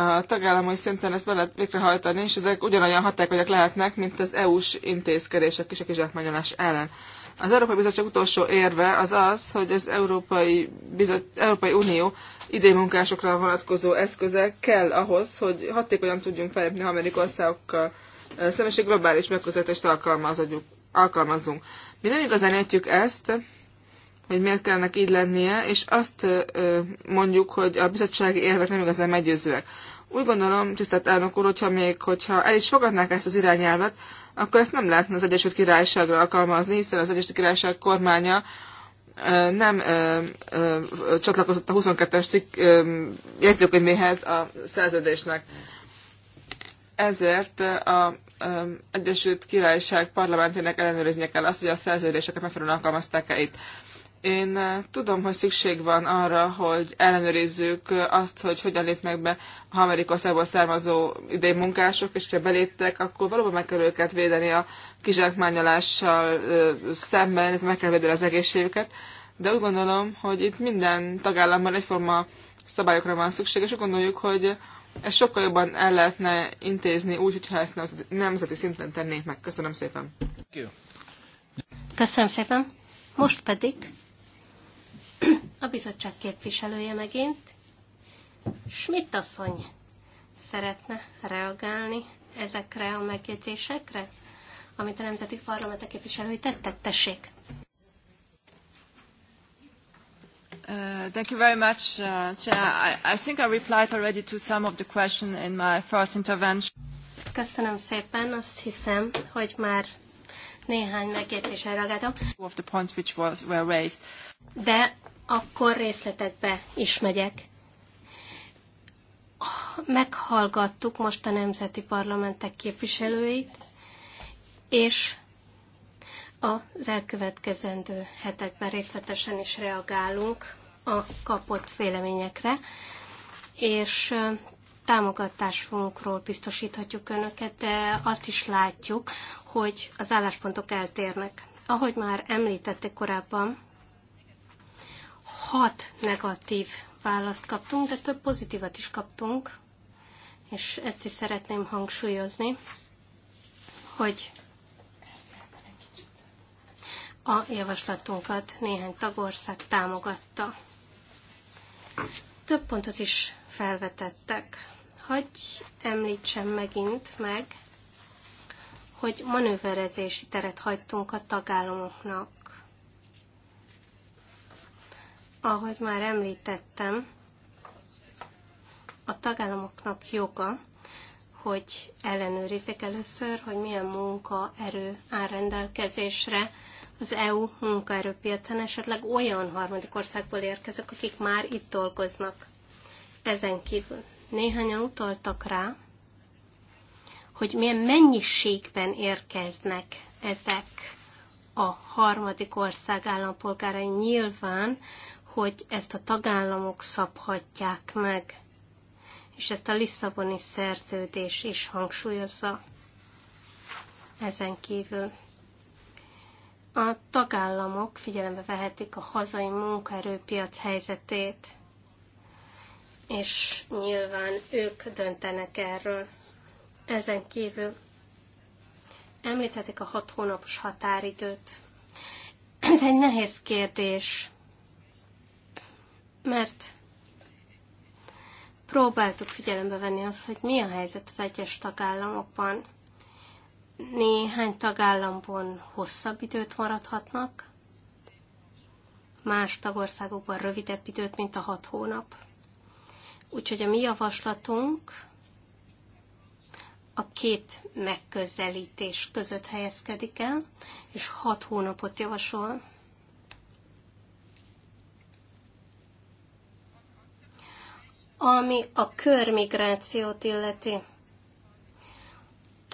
a tagállamai szinten ezt be lehet végrehajtani, és ezek ugyanolyan hatékonyak lehetnek, mint az EU-s intézkedések és a kizsákmányolás ellen. Az Európai Bizottság utolsó érve az az, hogy az Európai, Bizot, Európai Unió idénymunkásokra vonatkozó eszköze kell ahhoz, hogy hatékonyan tudjunk felépni a harmadik országokkal globális megközelítést alkalmazódjuk alkalmazzunk. Mi nem igazán értjük ezt, hogy miért kellene így lennie, és azt mondjuk, hogy a bizottsági érvek nem igazán meggyőzőek. Úgy gondolom, tisztelt elnök úr, hogyha még hogyha el is fogadnák ezt az irányelvet, akkor ezt nem lehetne az Egyesült Királyságra alkalmazni, hiszen az Egyesült Királyság kormánya nem ö, ö, csatlakozott a 22-es cikk jegyzőkönyvéhez a szerződésnek. Ezért a Egyesült Királyság parlamentének ellenőriznie kell azt, hogy a szerződéseket megfelelően alkalmazták-e itt. Én tudom, hogy szükség van arra, hogy ellenőrizzük azt, hogy hogyan lépnek be a harmadik származó idei munkások, és ha beléptek, akkor valóban meg kell őket védeni a kizsákmányolással szemben, meg kell védeni az egészségüket. De úgy gondolom, hogy itt minden tagállamban egyforma szabályokra van szükség, és úgy gondoljuk, hogy ezt sokkal jobban el lehetne intézni úgy, hogyha ezt nemzeti szinten tennénk meg. Köszönöm szépen. Köszönöm szépen. Most pedig a bizottság képviselője megint, Schmidt asszony szeretne reagálni ezekre a megjegyzésekre, amit a nemzeti parlamentek képviselői tettek. Tessék! Uh, thank you very much, uh, Chair. I, I think I replied already to some of the question in my first intervention. Köszönöm szépen, azt hiszem, hogy már néhány megjegyzésre ragadom. Of the points which was, were raised. De akkor részletekbe is megyek. Meghallgattuk most a nemzeti parlamentek képviselőit, és az elkövetkezendő hetekben részletesen is reagálunk a kapott véleményekre, és támogatásunkról biztosíthatjuk Önöket, de azt is látjuk, hogy az álláspontok eltérnek. Ahogy már említették korábban, hat negatív választ kaptunk, de több pozitívat is kaptunk, és ezt is szeretném hangsúlyozni, hogy a javaslatunkat néhány tagország támogatta. Több pontot is felvetettek. Hagy említsem megint meg, hogy manőverezési teret hagytunk a tagállamoknak. Ahogy már említettem, a tagállamoknak joga, hogy ellenőrizzék először, hogy milyen munkaerő áll rendelkezésre az EU munkaerőpiacán esetleg olyan harmadik országból érkezők, akik már itt dolgoznak. Ezen kívül néhányan utaltak rá, hogy milyen mennyiségben érkeznek ezek a harmadik ország állampolgárai nyilván, hogy ezt a tagállamok szabhatják meg. És ezt a Lisszaboni szerződés is hangsúlyozza ezen kívül a tagállamok figyelembe vehetik a hazai munkaerőpiac helyzetét, és nyilván ők döntenek erről. Ezen kívül említhetik a hat hónapos határidőt. Ez egy nehéz kérdés, mert próbáltuk figyelembe venni azt, hogy mi a helyzet az egyes tagállamokban. Néhány tagállamban hosszabb időt maradhatnak, más tagországokban rövidebb időt, mint a hat hónap. Úgyhogy a mi javaslatunk a két megközelítés között helyezkedik el, és hat hónapot javasol. Ami a körmigrációt illeti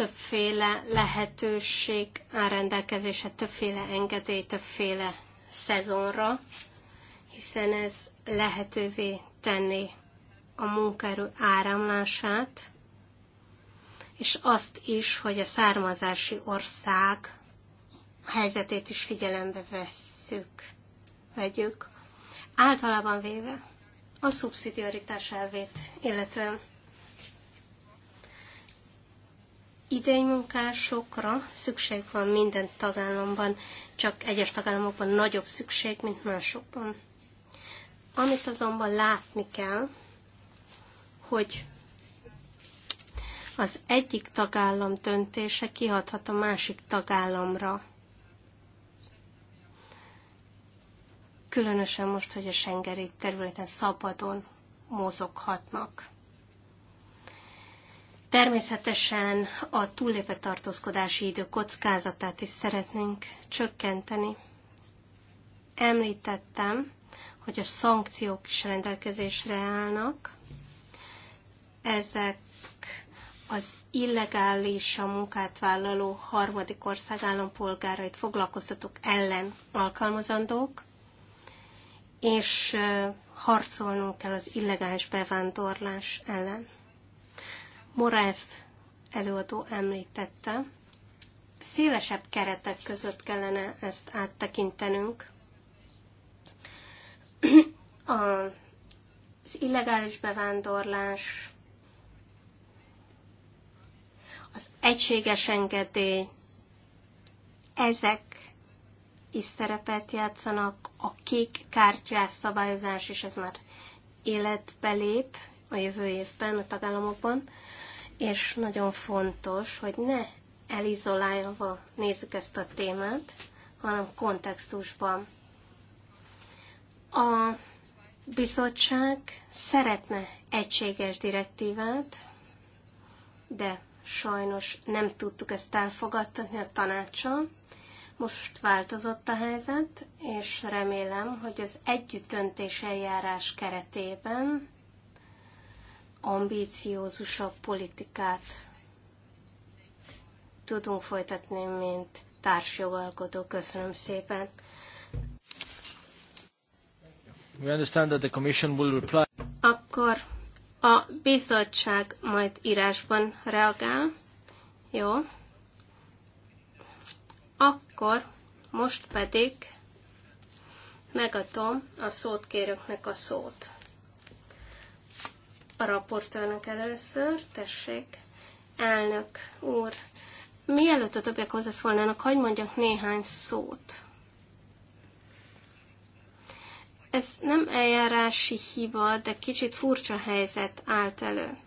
többféle lehetőség áll rendelkezésre, többféle engedély, többféle szezonra, hiszen ez lehetővé tenni a munkaerő áramlását, és azt is, hogy a származási ország helyzetét is figyelembe vesszük, vegyük. Általában véve a szubszidiaritás elvét, illetve idei szükség van minden tagállamban, csak egyes tagállamokban nagyobb szükség, mint másokban. Amit azonban látni kell, hogy az egyik tagállam döntése kihathat a másik tagállamra. Különösen most, hogy a Schengeri területen szabadon mozoghatnak. Természetesen a túllépe tartózkodási idő kockázatát is szeretnénk csökkenteni. Említettem, hogy a szankciók is rendelkezésre állnak. Ezek az illegális a munkát vállaló harmadik ország állampolgárait foglalkoztatók ellen alkalmazandók, és harcolnunk kell az illegális bevándorlás ellen. Morász előadó említette, szélesebb keretek között kellene ezt áttekintenünk. Az illegális bevándorlás, az egységes engedély, ezek is szerepet játszanak, a kék kártyás szabályozás, és ez már életbe lép a jövő évben a tagállamokban és nagyon fontos, hogy ne elizolálva nézzük ezt a témát, hanem kontextusban. A bizottság szeretne egységes direktívát, de sajnos nem tudtuk ezt elfogadtatni a tanácsa. Most változott a helyzet, és remélem, hogy az együttöntés eljárás keretében ambíciózusabb politikát tudunk folytatni, mint társjogalkotó. Köszönöm szépen. We understand that the commission will reply. Akkor a bizottság majd írásban reagál. Jó. Akkor most pedig megadom a szót kérőknek a szót a raportőrnek először, tessék, elnök úr. Mielőtt a többiek hozzászólnának, hagyd mondjak néhány szót. Ez nem eljárási hiba, de kicsit furcsa helyzet állt elő.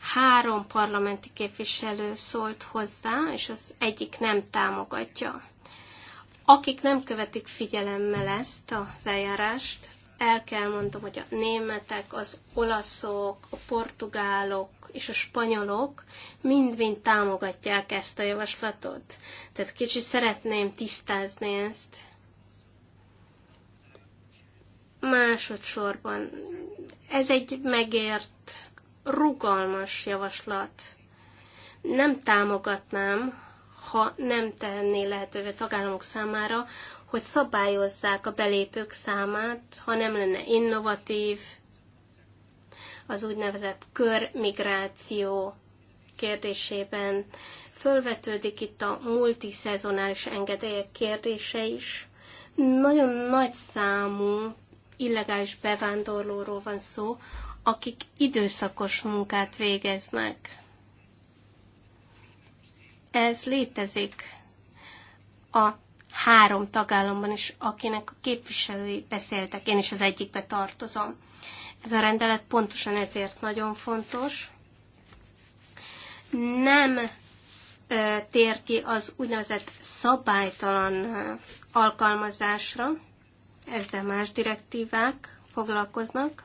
Három parlamenti képviselő szólt hozzá, és az egyik nem támogatja. Akik nem követik figyelemmel ezt az eljárást, el kell mondom, hogy a németek, az olaszok, a portugálok és a spanyolok mind-mind támogatják ezt a javaslatot. Tehát kicsit szeretném tisztázni ezt. Másodszorban, ez egy megért, rugalmas javaslat. Nem támogatnám, ha nem tenné lehetővé tagállamok számára, hogy szabályozzák a belépők számát, ha nem lenne innovatív, az úgynevezett körmigráció kérdésében fölvetődik itt a multiszezonális engedélyek kérdése is. Nagyon nagy számú illegális bevándorlóról van szó, akik időszakos munkát végeznek. Ez létezik. A három tagállamban is, akinek a képviselői beszéltek, én is az egyikbe tartozom. Ez a rendelet pontosan ezért nagyon fontos. Nem ö, tér ki az úgynevezett szabálytalan ö, alkalmazásra, ezzel más direktívák foglalkoznak.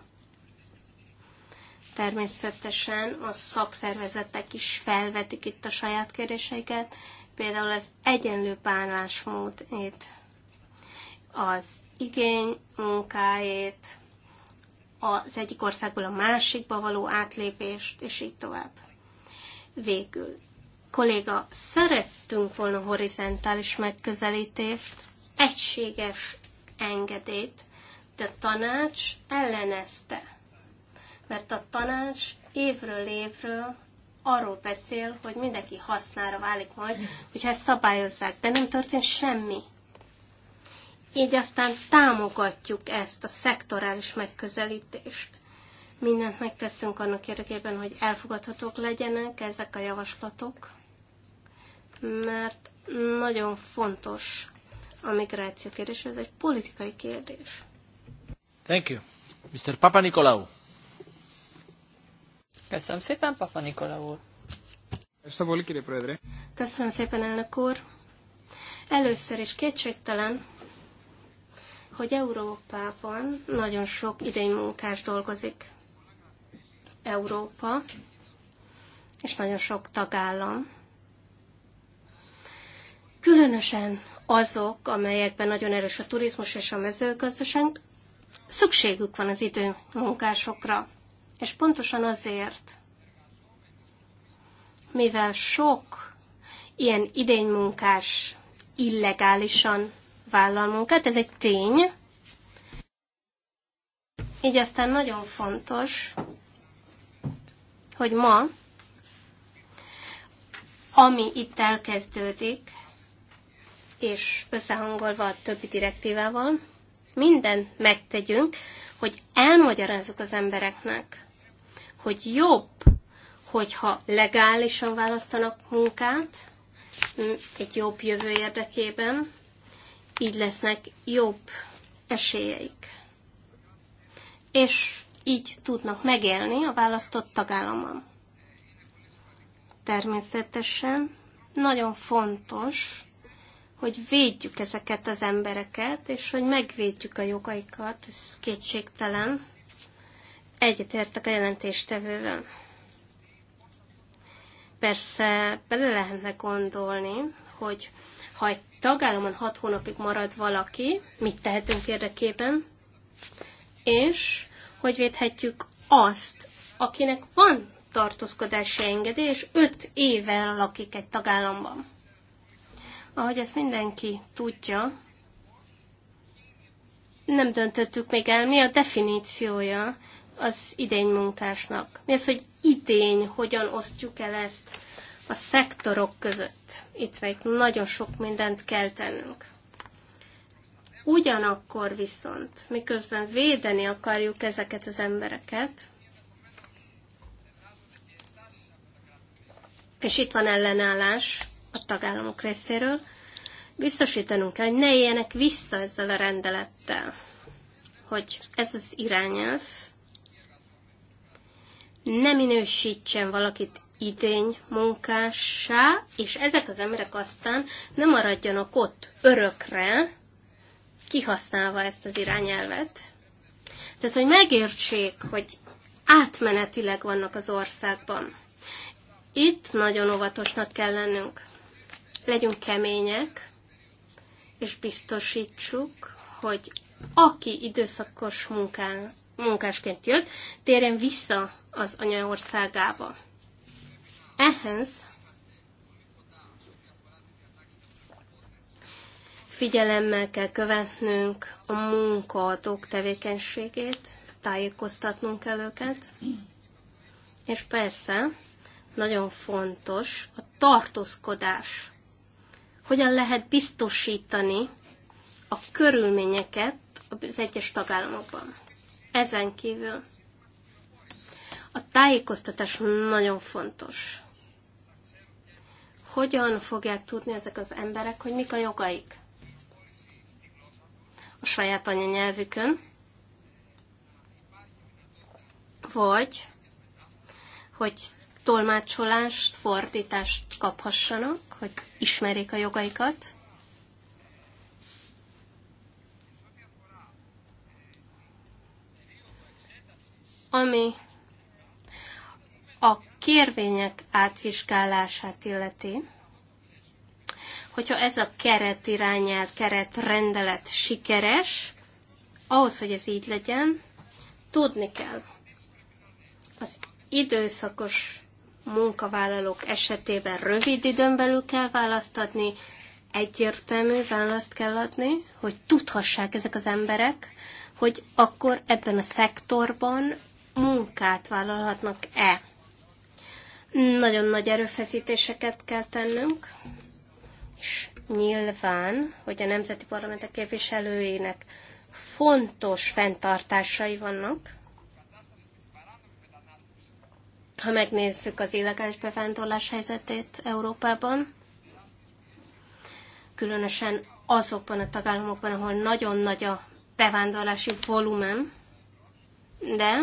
Természetesen a szakszervezetek is felvetik itt a saját kérdéseiket, például az egyenlő bánásmódét, az igény munkáét, az egyik országból a másikba való átlépést, és így tovább. Végül, kolléga, szerettünk volna horizontális megközelítést, egységes engedélyt, de a tanács ellenezte, mert a tanács évről évről arról beszél, hogy mindenki hasznára válik majd, hogyha ezt szabályozzák, de nem történt semmi. Így aztán támogatjuk ezt a szektorális megközelítést. Mindent megteszünk annak érdekében, hogy elfogadhatók legyenek ezek a javaslatok, mert nagyon fontos a migráció kérdés, ez egy politikai kérdés. Thank you. Mr. Papa Nicolau. Köszönöm szépen, Papa Nikola úr. Köszönöm szépen, elnök úr. Először is kétségtelen, hogy Európában nagyon sok idei munkás dolgozik. Európa, és nagyon sok tagállam. Különösen azok, amelyekben nagyon erős a turizmus és a mezőgazdaság, szükségük van az idő munkásokra. És pontosan azért, mivel sok ilyen idénymunkás illegálisan vállal munkát, ez egy tény, így aztán nagyon fontos, hogy ma, ami itt elkezdődik, és összehangolva a többi direktívával, mindent megtegyünk, hogy elmagyarázzuk az embereknek, hogy jobb, hogyha legálisan választanak munkát mm, egy jobb jövő érdekében, így lesznek jobb esélyeik. És így tudnak megélni a választott tagállamon. Természetesen nagyon fontos, hogy védjük ezeket az embereket, és hogy megvédjük a jogaikat, ez kétségtelen. Egyetértek a jelentéstevővel. Persze bele lehetne gondolni, hogy ha egy tagállamon hat hónapig marad valaki, mit tehetünk érdekében, és hogy védhetjük azt, akinek van tartózkodási engedély, és öt éve lakik egy tagállamban. Ahogy ezt mindenki tudja, nem döntöttük még el, mi a definíciója az idény munkásnak? Mi az, hogy idény, hogyan osztjuk el ezt a szektorok között? Itt még nagyon sok mindent kell tennünk. Ugyanakkor viszont, miközben védeni akarjuk ezeket az embereket, és itt van ellenállás a tagállamok részéről, biztosítanunk kell, hogy ne éljenek vissza ezzel a rendelettel, hogy ez az irányelv ne minősítsen valakit idény munkássá, és ezek az emberek aztán nem maradjanak ott örökre, kihasználva ezt az irányelvet. Tehát, hogy megértsék, hogy átmenetileg vannak az országban. Itt nagyon óvatosnak kell lennünk. Legyünk kemények, és biztosítsuk, hogy aki időszakos munká, munkásként jött, térjen vissza az anyaországába. Ehhez figyelemmel kell követnünk a munkaadók tevékenységét, tájékoztatnunk kell őket, és persze nagyon fontos a tartózkodás. Hogyan lehet biztosítani a körülményeket az egyes tagállamokban. Ezen kívül a tájékoztatás nagyon fontos. Hogyan fogják tudni ezek az emberek, hogy mik a jogaik? A saját anyanyelvükön, vagy hogy tolmácsolást, fordítást kaphassanak, hogy ismerjék a jogaikat. Ami kérvények átvizsgálását illeti, hogyha ez a keret irányelv, keret rendelet sikeres, ahhoz, hogy ez így legyen, tudni kell. Az időszakos munkavállalók esetében rövid időn belül kell választatni, egyértelmű választ kell adni, hogy tudhassák ezek az emberek, hogy akkor ebben a szektorban munkát vállalhatnak-e. Nagyon nagy erőfeszítéseket kell tennünk, és nyilván, hogy a nemzeti parlamentek képviselőinek fontos fenntartásai vannak. Ha megnézzük az illegális bevándorlás helyzetét Európában, különösen azokban a tagállamokban, ahol nagyon nagy a bevándorlási volumen, de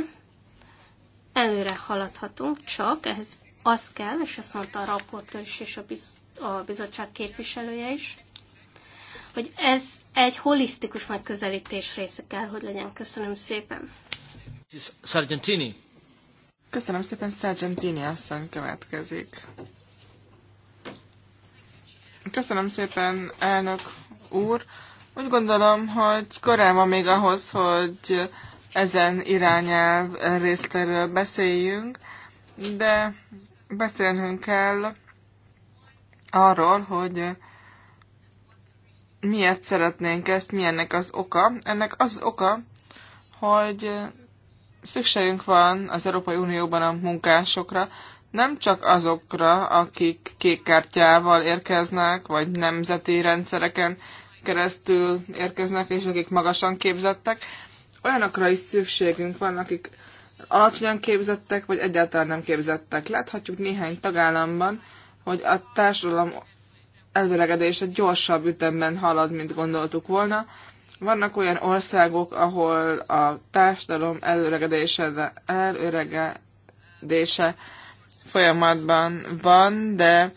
előre haladhatunk, csak ehhez az kell, és ezt mondta a raportőr is, és a, biz, a bizottság képviselője is, hogy ez egy holisztikus megközelítés része kell, hogy legyen. Köszönöm szépen. Sargentini. Köszönöm szépen, Sargentini asszony következik. Köszönöm szépen, elnök úr. Úgy gondolom, hogy korán van még ahhoz, hogy ezen irányelv részletéről beszéljünk, de beszélnünk kell arról, hogy miért szeretnénk ezt, mi ennek az oka. Ennek az oka, hogy szükségünk van az Európai Unióban a munkásokra, nem csak azokra, akik kékkártyával érkeznek, vagy nemzeti rendszereken keresztül érkeznek, és akik magasan képzettek, olyanokra is szükségünk van, akik alacsonyan képzettek, vagy egyáltalán nem képzettek. Láthatjuk néhány tagállamban, hogy a társadalom előregedése gyorsabb ütemben halad, mint gondoltuk volna. Vannak olyan országok, ahol a társadalom előregedése, előregedése folyamatban van, de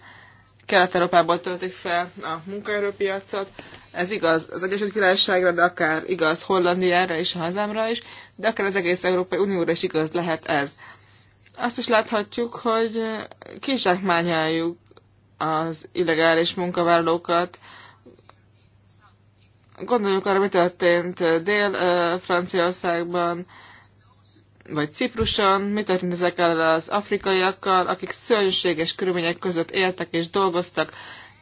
Kelet-Európából töltik fel a munkaerőpiacot. Ez igaz az Egyesült Királyságra, de akár igaz Hollandiára és a hazámra is de akár az egész Európai Unióra is igaz lehet ez. Azt is láthatjuk, hogy kizsákmányáljuk az illegális munkavállalókat. Gondoljuk arra, mi történt Dél-Franciaországban, vagy Cipruson, mi történt ezekkel az afrikaiakkal, akik szörnyűséges körülmények között éltek és dolgoztak,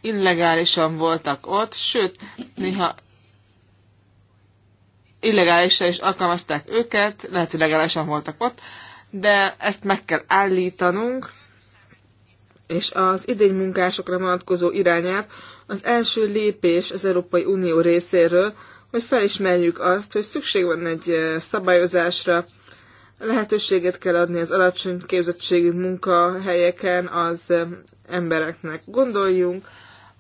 illegálisan voltak ott, sőt, néha illegálisra is alkalmazták őket, lehet, hogy legálisan voltak ott, de ezt meg kell állítanunk, és az idény munkásokra vonatkozó irányelv az első lépés az Európai Unió részéről, hogy felismerjük azt, hogy szükség van egy szabályozásra, lehetőséget kell adni az alacsony képzettségű munkahelyeken az embereknek. Gondoljunk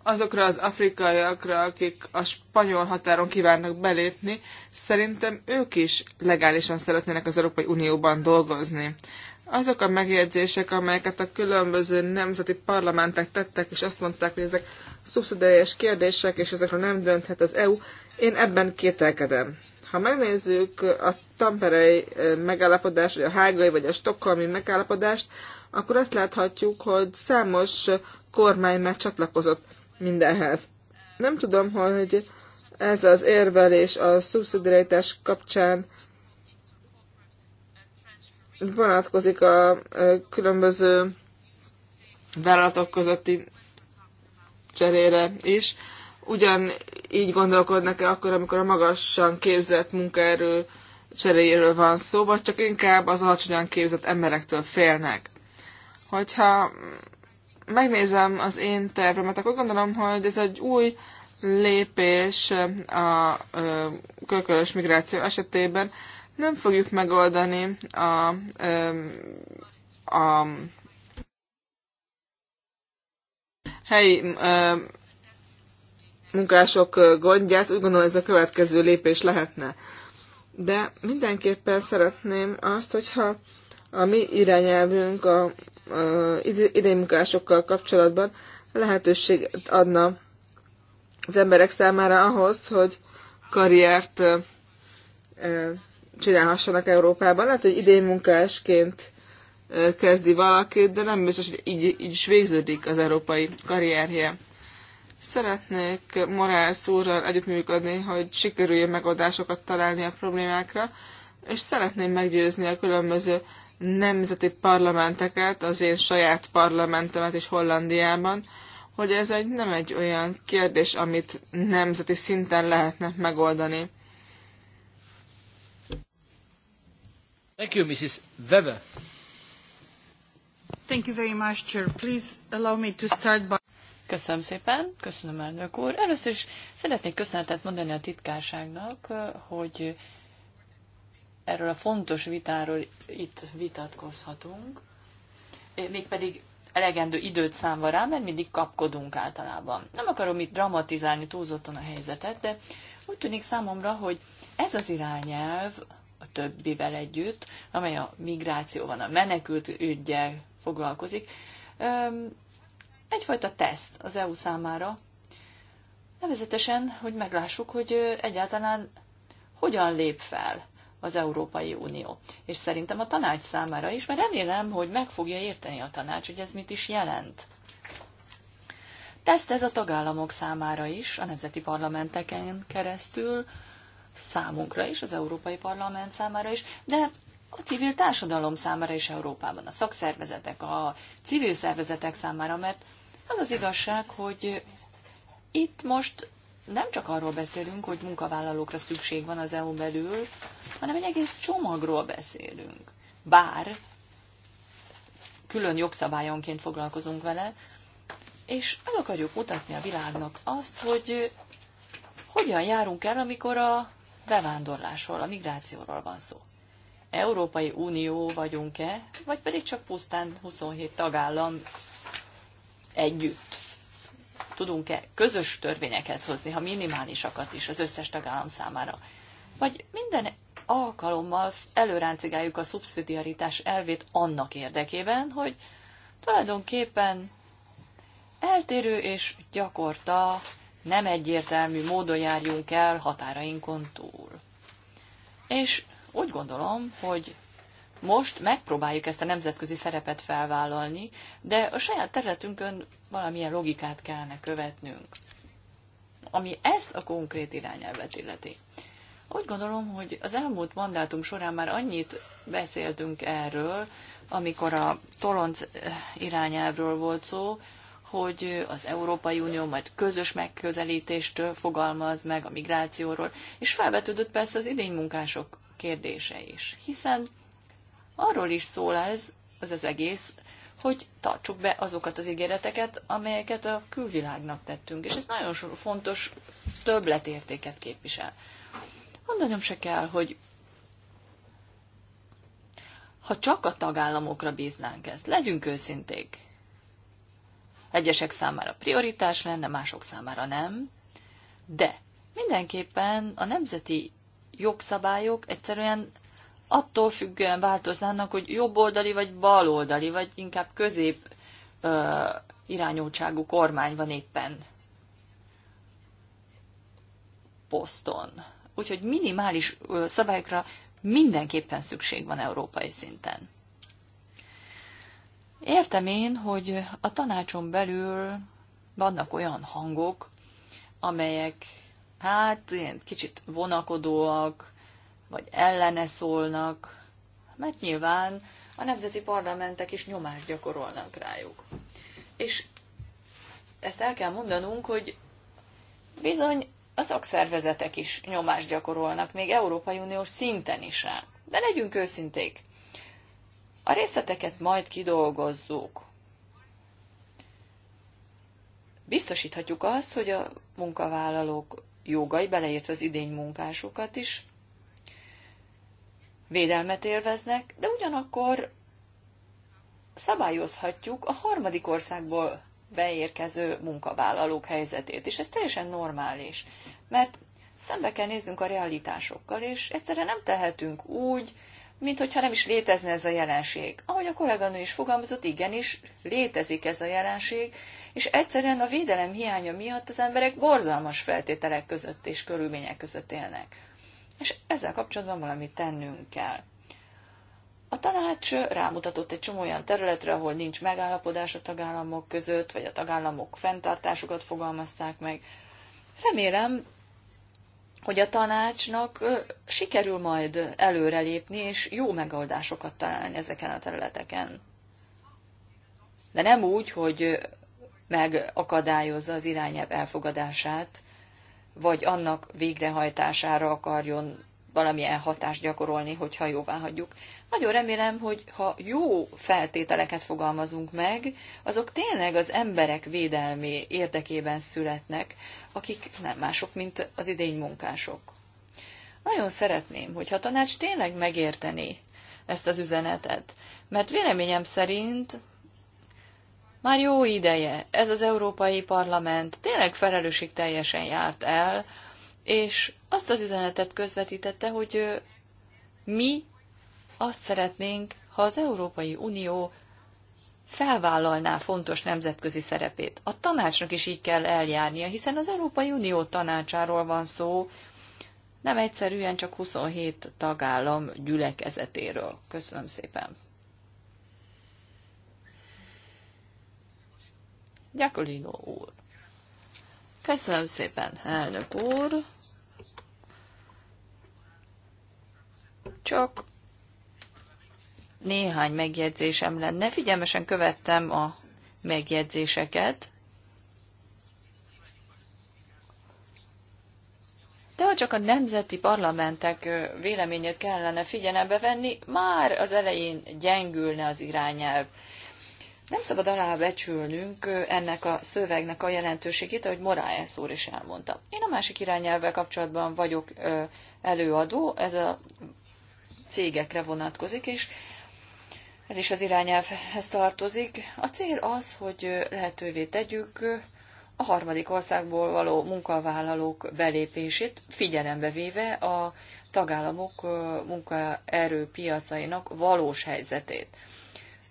azokra az afrikaiakra, akik a spanyol határon kívánnak belépni, szerintem ők is legálisan szeretnének az Európai Unióban dolgozni. Azok a megjegyzések, amelyeket a különböző nemzeti parlamentek tettek, és azt mondták, hogy ezek szubszidiális kérdések, és ezekről nem dönthet az EU, én ebben kételkedem. Ha megnézzük a tamperei megállapodást, vagy a hágai, vagy a stokholmi megállapodást, akkor azt láthatjuk, hogy számos kormány már csatlakozott mindenhez. Nem tudom, hogy ez az érvelés a szubszidiaritás kapcsán vonatkozik a különböző vállalatok közötti cserére is. Ugyan így gondolkodnak-e akkor, amikor a magasan képzett munkaerő cseréjéről van szó, vagy csak inkább az alacsonyan képzett emberektől félnek. Hogyha megnézem az én tervemet, akkor gondolom, hogy ez egy új lépés a kölkölös migráció esetében. Nem fogjuk megoldani a, a helyi munkások gondját, úgy gondolom ez a következő lépés lehetne. De mindenképpen szeretném azt, hogyha a mi irányelvünk a munkásokkal kapcsolatban lehetőséget adna az emberek számára ahhoz, hogy karriert csinálhassanak Európában. Lehet, hogy munkásként kezdi valakit, de nem biztos, hogy így, így is végződik az európai karrierje. Szeretnék Morál úrral együttműködni, hogy sikerüljön megoldásokat találni a problémákra, és szeretném meggyőzni a különböző nemzeti parlamenteket, az én saját parlamentemet is Hollandiában, hogy ez egy, nem egy olyan kérdés, amit nemzeti szinten lehetne megoldani. Thank you, Mrs. Weber. Thank you very much, Chair. Please allow me to start by... Köszönöm szépen, köszönöm elnök úr. Először is szeretnék köszönetet mondani a titkárságnak, hogy erről a fontos vitáról itt vitatkozhatunk, mégpedig elegendő időt számva rá, mert mindig kapkodunk általában. Nem akarom itt dramatizálni túlzottan a helyzetet, de úgy tűnik számomra, hogy ez az irányelv a többivel együtt, amely a migrációban, a menekült ügyel foglalkozik, egyfajta teszt az EU számára, nevezetesen, hogy meglássuk, hogy egyáltalán hogyan lép fel az Európai Unió. És szerintem a tanács számára is, mert remélem, hogy meg fogja érteni a tanács, hogy ez mit is jelent. Teszt ez a tagállamok számára is, a nemzeti parlamenteken keresztül, számunkra is, az Európai Parlament számára is, de a civil társadalom számára is Európában, a szakszervezetek, a civil szervezetek számára, mert az az igazság, hogy itt most nem csak arról beszélünk, hogy munkavállalókra szükség van az EU belül, hanem egy egész csomagról beszélünk. Bár külön jogszabályonként foglalkozunk vele, és el akarjuk mutatni a világnak azt, hogy hogyan járunk el, amikor a bevándorlásról, a migrációról van szó. Európai Unió vagyunk-e, vagy pedig csak pusztán 27 tagállam együtt tudunk-e közös törvényeket hozni, ha minimálisakat is az összes tagállam számára. Vagy minden alkalommal előráncigáljuk a szubszidiaritás elvét annak érdekében, hogy tulajdonképpen eltérő és gyakorta nem egyértelmű módon járjunk el határainkon túl. És úgy gondolom, hogy most megpróbáljuk ezt a nemzetközi szerepet felvállalni, de a saját területünkön valamilyen logikát kellene követnünk, ami ezt a konkrét irányelvet illeti. Úgy gondolom, hogy az elmúlt mandátum során már annyit beszéltünk erről, amikor a Toronc eh, irányelvről volt szó, hogy az Európai Unió majd közös megközelítést fogalmaz meg a migrációról, és felvetődött persze az idénymunkások kérdése is, hiszen Arról is szól ez, az az egész, hogy tartsuk be azokat az ígéreteket, amelyeket a külvilágnak tettünk, és ez nagyon fontos többletértéket képvisel. Mondanom se kell, hogy ha csak a tagállamokra bíznánk ezt, legyünk őszinték. Egyesek számára prioritás lenne, mások számára nem, de mindenképpen a nemzeti jogszabályok egyszerűen attól függően változnának, hogy jobboldali vagy baloldali, vagy inkább közép ö, irányultságú kormány van éppen poszton. Úgyhogy minimális ö, szabályokra mindenképpen szükség van európai szinten. Értem én, hogy a tanácson belül vannak olyan hangok, amelyek hát ilyen kicsit vonakodóak, vagy ellene szólnak, mert nyilván a nemzeti parlamentek is nyomást gyakorolnak rájuk. És ezt el kell mondanunk, hogy bizony a szakszervezetek is nyomást gyakorolnak, még Európai Uniós szinten is rá. De legyünk őszinték. A részleteket majd kidolgozzuk. Biztosíthatjuk azt, hogy a munkavállalók jogai, beleértve az idény munkásokat is, védelmet élveznek, de ugyanakkor szabályozhatjuk a harmadik országból beérkező munkavállalók helyzetét, és ez teljesen normális, mert szembe kell néznünk a realitásokkal, és egyszerre nem tehetünk úgy, mint hogyha nem is létezne ez a jelenség. Ahogy a kolléganő is fogalmazott, igenis létezik ez a jelenség, és egyszerűen a védelem hiánya miatt az emberek borzalmas feltételek között és körülmények között élnek és ezzel kapcsolatban valamit tennünk kell. A tanács rámutatott egy csomó olyan területre, ahol nincs megállapodás a tagállamok között, vagy a tagállamok fenntartásukat fogalmazták meg. Remélem, hogy a tanácsnak sikerül majd előrelépni, és jó megoldásokat találni ezeken a területeken. De nem úgy, hogy megakadályozza az irányelv elfogadását, vagy annak végrehajtására akarjon valamilyen hatást gyakorolni, hogyha jóvá hagyjuk. Nagyon remélem, hogy ha jó feltételeket fogalmazunk meg, azok tényleg az emberek védelmi érdekében születnek, akik nem mások, mint az idény munkások. Nagyon szeretném, hogyha a tanács tényleg megérteni ezt az üzenetet, mert véleményem szerint már jó ideje ez az Európai Parlament tényleg teljesen járt el, és azt az üzenetet közvetítette, hogy mi azt szeretnénk, ha az Európai Unió felvállalná fontos nemzetközi szerepét. A tanácsnak is így kell eljárnia, hiszen az Európai Unió tanácsáról van szó, nem egyszerűen csak 27 tagállam gyülekezetéről. Köszönöm szépen. Gyakolino úr. Köszönöm szépen, elnök úr. Csak néhány megjegyzésem lenne. Figyelmesen követtem a megjegyzéseket. De ha csak a nemzeti parlamentek véleményét kellene figyelembe venni, már az elején gyengülne az irányelv. Nem szabad alábecsülnünk ennek a szövegnek a jelentőségét, ahogy Moraes úr is elmondta. Én a másik irányelvvel kapcsolatban vagyok előadó, ez a cégekre vonatkozik, és ez is az irányelvhez tartozik. A cél az, hogy lehetővé tegyük a harmadik országból való munkavállalók belépését, figyelembe véve a tagállamok munkaerőpiacainak valós helyzetét.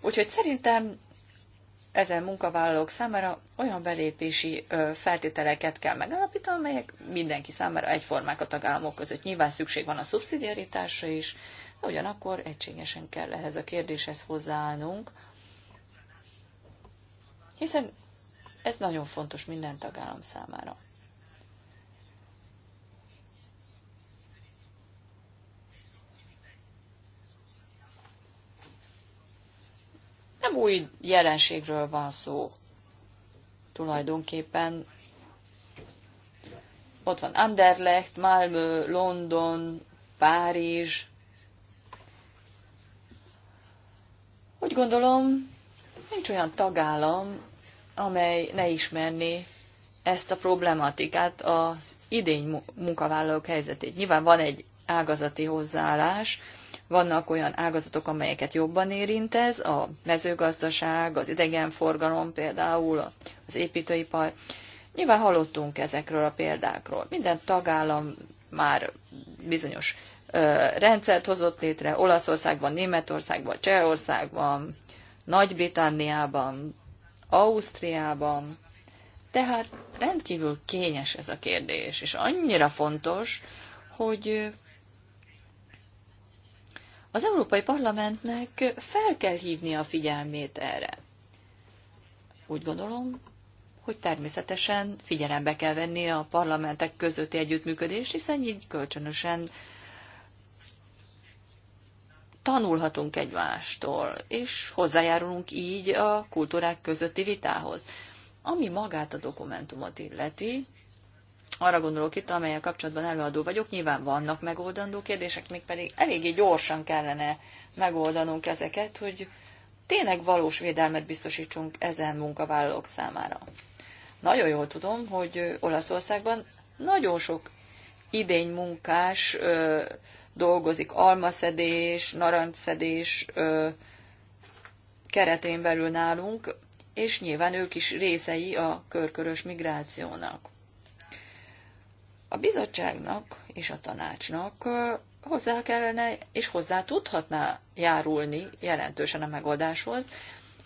Úgyhogy szerintem ezen munkavállalók számára olyan belépési feltételeket kell megállapítani, amelyek mindenki számára egyformák a tagállamok között. Nyilván szükség van a szubszidiaritásra is, de ugyanakkor egységesen kell ehhez a kérdéshez hozzáállnunk, hiszen ez nagyon fontos minden tagállam számára. nem új jelenségről van szó. Tulajdonképpen ott van Anderlecht, Malmö, London, Párizs. Úgy gondolom, nincs olyan tagállam, amely ne ismerné ezt a problematikát, az idény munkavállalók helyzetét. Nyilván van egy ágazati hozzáállás, vannak olyan ágazatok, amelyeket jobban érint ez, a mezőgazdaság, az idegenforgalom például, az építőipar. Nyilván hallottunk ezekről a példákról. Minden tagállam már bizonyos ö, rendszert hozott létre, Olaszországban, Németországban, Csehországban, Nagy-Britanniában, Ausztriában. Tehát rendkívül kényes ez a kérdés, és annyira fontos, hogy az Európai Parlamentnek fel kell hívni a figyelmét erre. Úgy gondolom, hogy természetesen figyelembe kell venni a parlamentek közötti együttműködést, hiszen így kölcsönösen tanulhatunk egymástól, és hozzájárulunk így a kultúrák közötti vitához. Ami magát a dokumentumot illeti, arra gondolok itt, amelyel kapcsolatban előadó vagyok, nyilván vannak megoldandó kérdések, még pedig eléggé gyorsan kellene megoldanunk ezeket, hogy tényleg valós védelmet biztosítsunk ezen munkavállalók számára. Nagyon jól tudom, hogy Olaszországban nagyon sok idény munkás ö, dolgozik, almaszedés, narancsszedés ö, keretén belül nálunk, és nyilván ők is részei a körkörös migrációnak. A bizottságnak és a tanácsnak hozzá kellene és hozzá tudhatná járulni jelentősen a megoldáshoz,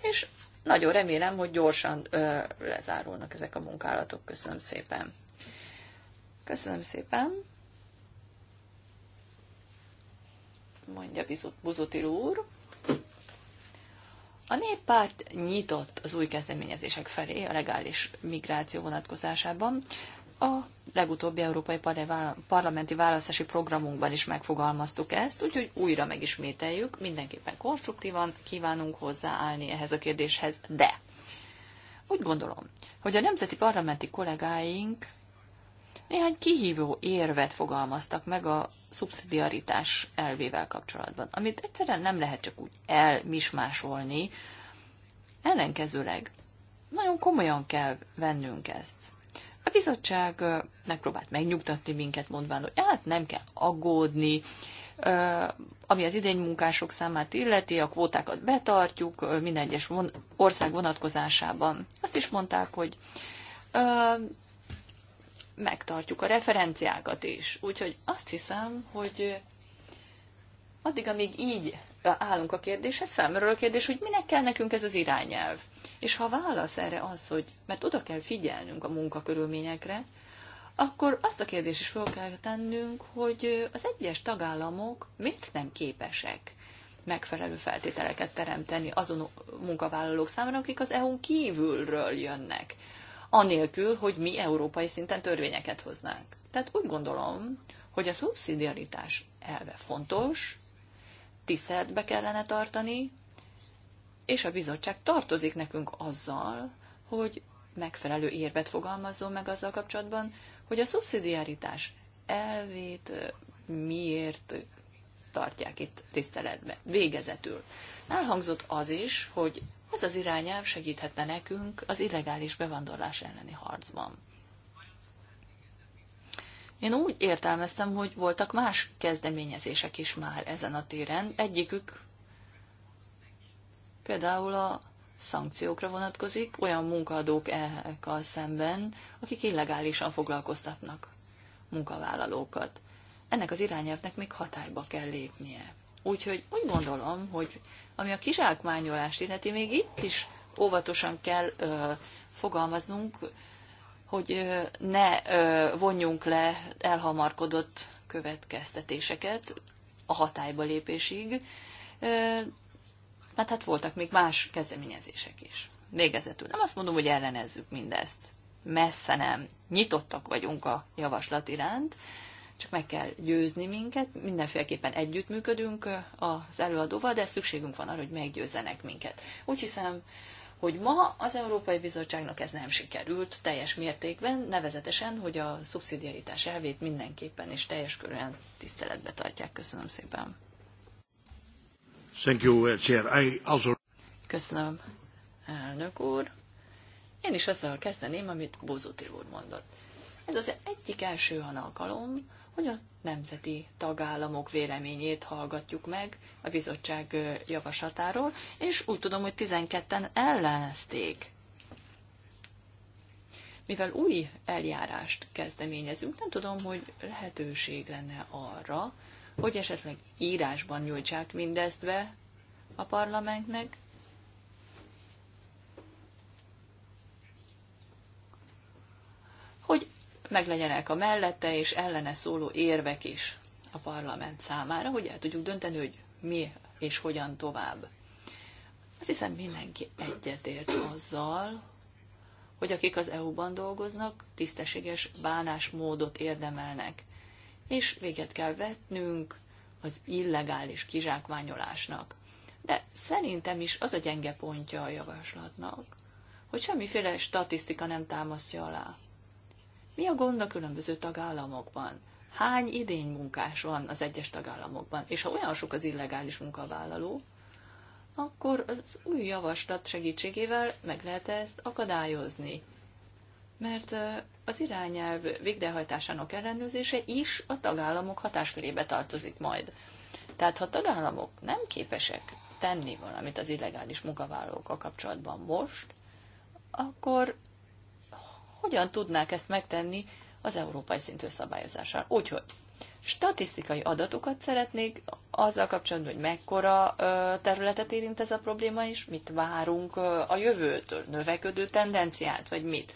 és nagyon remélem, hogy gyorsan ö, lezárulnak ezek a munkálatok. Köszönöm szépen. Köszönöm szépen. Mondja Buzutil úr. A néppárt nyitott az új kezdeményezések felé a legális migráció vonatkozásában. A legutóbbi európai parlamenti választási programunkban is megfogalmaztuk ezt, úgyhogy újra megismételjük, mindenképpen konstruktívan kívánunk hozzáállni ehhez a kérdéshez, de úgy gondolom, hogy a nemzeti parlamenti kollégáink néhány kihívó érvet fogalmaztak meg a szubszidiaritás elvével kapcsolatban, amit egyszerűen nem lehet csak úgy elmismásolni, ellenkezőleg nagyon komolyan kell vennünk ezt. A bizottság megpróbált megnyugtatni minket, mondván, hogy hát nem kell aggódni, ami az idény munkások számát illeti, a kvótákat betartjuk minden egyes ország vonatkozásában. Azt is mondták, hogy megtartjuk a referenciákat is. Úgyhogy azt hiszem, hogy addig, amíg így állunk a kérdéshez, felmerül a kérdés, hogy minek kell nekünk ez az irányelv. És ha a válasz erre az, hogy mert oda kell figyelnünk a munkakörülményekre, akkor azt a kérdést is fel kell tennünk, hogy az egyes tagállamok miért nem képesek megfelelő feltételeket teremteni azon munkavállalók számára, akik az EU-n kívülről jönnek, anélkül, hogy mi európai szinten törvényeket hoznánk. Tehát úgy gondolom, hogy a szubszidiaritás elve fontos, tiszteletbe kellene tartani, és a bizottság tartozik nekünk azzal, hogy megfelelő érvet fogalmazzon meg azzal kapcsolatban, hogy a szubszidiaritás elvét miért tartják itt tiszteletbe. Végezetül. Elhangzott az is, hogy ez az irányelv segíthetne nekünk az illegális bevándorlás elleni harcban. Én úgy értelmeztem, hogy voltak más kezdeményezések is már ezen a téren. Egyikük például a szankciókra vonatkozik olyan munkaadókkal szemben, akik illegálisan foglalkoztatnak munkavállalókat. Ennek az irányelvnek még hatályba kell lépnie. Úgyhogy úgy gondolom, hogy ami a kizsákmányolást illeti, még itt is óvatosan kell ö, fogalmaznunk, hogy ö, ne ö, vonjunk le elhamarkodott következtetéseket a hatályba lépésig, mert hát voltak még más kezdeményezések is. Végezetül nem azt mondom, hogy ellenezzük mindezt. Messze nem. Nyitottak vagyunk a javaslat iránt, csak meg kell győzni minket, mindenféleképpen együttműködünk az előadóval, de szükségünk van arra, hogy meggyőzzenek minket. Úgy hiszem, hogy ma az Európai Bizottságnak ez nem sikerült teljes mértékben, nevezetesen, hogy a szubszidiaritás elvét mindenképpen és teljes körülön tiszteletbe tartják. Köszönöm szépen. Uh, Köszönöm, elnök úr. Én is azzal kezdeném, amit Bozuti úr mondott. Ez az egyik első alkalom, hogy a nemzeti tagállamok véleményét hallgatjuk meg a bizottság javaslatáról, és úgy tudom, hogy 12-en ellenezték. Mivel új eljárást kezdeményezünk, nem tudom, hogy lehetőség lenne arra, hogy esetleg írásban nyújtsák mindezt be a parlamentnek, hogy meglegyenek a mellette és ellene szóló érvek is a parlament számára, hogy el tudjuk dönteni, hogy mi és hogyan tovább. Azt hiszem mindenki egyetért azzal, hogy akik az EU-ban dolgoznak, tisztességes bánásmódot érdemelnek és véget kell vetnünk az illegális kizsákmányolásnak. De szerintem is az a gyenge pontja a javaslatnak, hogy semmiféle statisztika nem támasztja alá. Mi a gond a különböző tagállamokban? Hány idény munkás van az egyes tagállamokban? És ha olyan sok az illegális munkavállaló, akkor az új javaslat segítségével meg lehet ezt akadályozni mert az irányelv végrehajtásának ellenőrzése is a tagállamok hatáskörébe tartozik majd. Tehát ha a tagállamok nem képesek tenni valamit az illegális munkavállalókkal kapcsolatban most, akkor hogyan tudnák ezt megtenni az európai szintű szabályozással? Úgyhogy statisztikai adatokat szeretnék azzal kapcsolatban, hogy mekkora területet érint ez a probléma, és mit várunk a jövőtől, növekedő tendenciát, vagy mit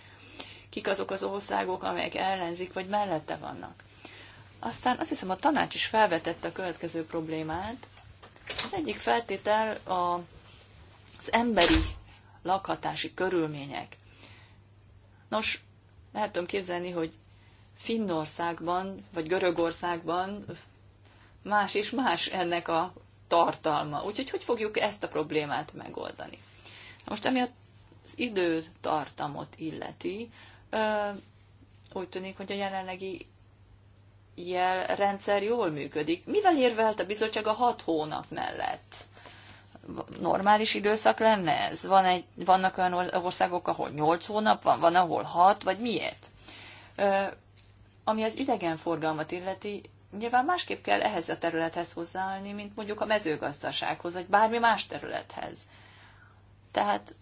kik azok az országok, amelyek ellenzik vagy mellette vannak. Aztán azt hiszem a tanács is felvetette a következő problémát. Az egyik feltétel a, az emberi lakhatási körülmények. Nos, lehet tudom képzelni, hogy Finnországban vagy Görögországban más és más ennek a tartalma. Úgyhogy hogy fogjuk ezt a problémát megoldani? Most ami az időtartamot illeti, úgy tűnik, hogy a jelenlegi jel rendszer jól működik. Mivel érvelt a bizottság a hat hónap mellett? Normális időszak lenne ez? Van egy, vannak olyan országok, ahol nyolc hónap van, van ahol hat, vagy miért? ami az idegenforgalmat illeti, nyilván másképp kell ehhez a területhez hozzáállni, mint mondjuk a mezőgazdasághoz, vagy bármi más területhez. Tehát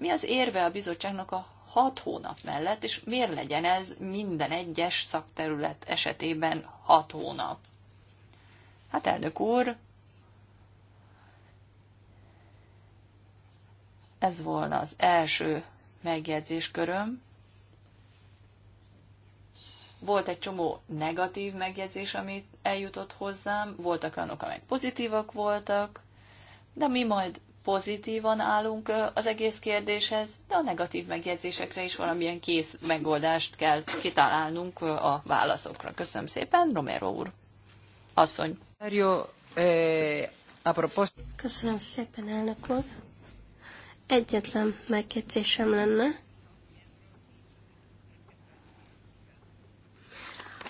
mi az érve a bizottságnak a hat hónap mellett, és miért legyen ez minden egyes szakterület esetében hat hónap? Hát elnök úr, ez volna az első megjegyzésköröm. Volt egy csomó negatív megjegyzés, amit eljutott hozzám, voltak olyanok, amelyek pozitívak voltak, de mi majd pozitívan állunk az egész kérdéshez, de a negatív megjegyzésekre is valamilyen kész megoldást kell kitalálnunk a válaszokra. Köszönöm szépen, Romero úr. Asszony. Köszönöm szépen, elnök úr. Egyetlen megjegyzésem lenne.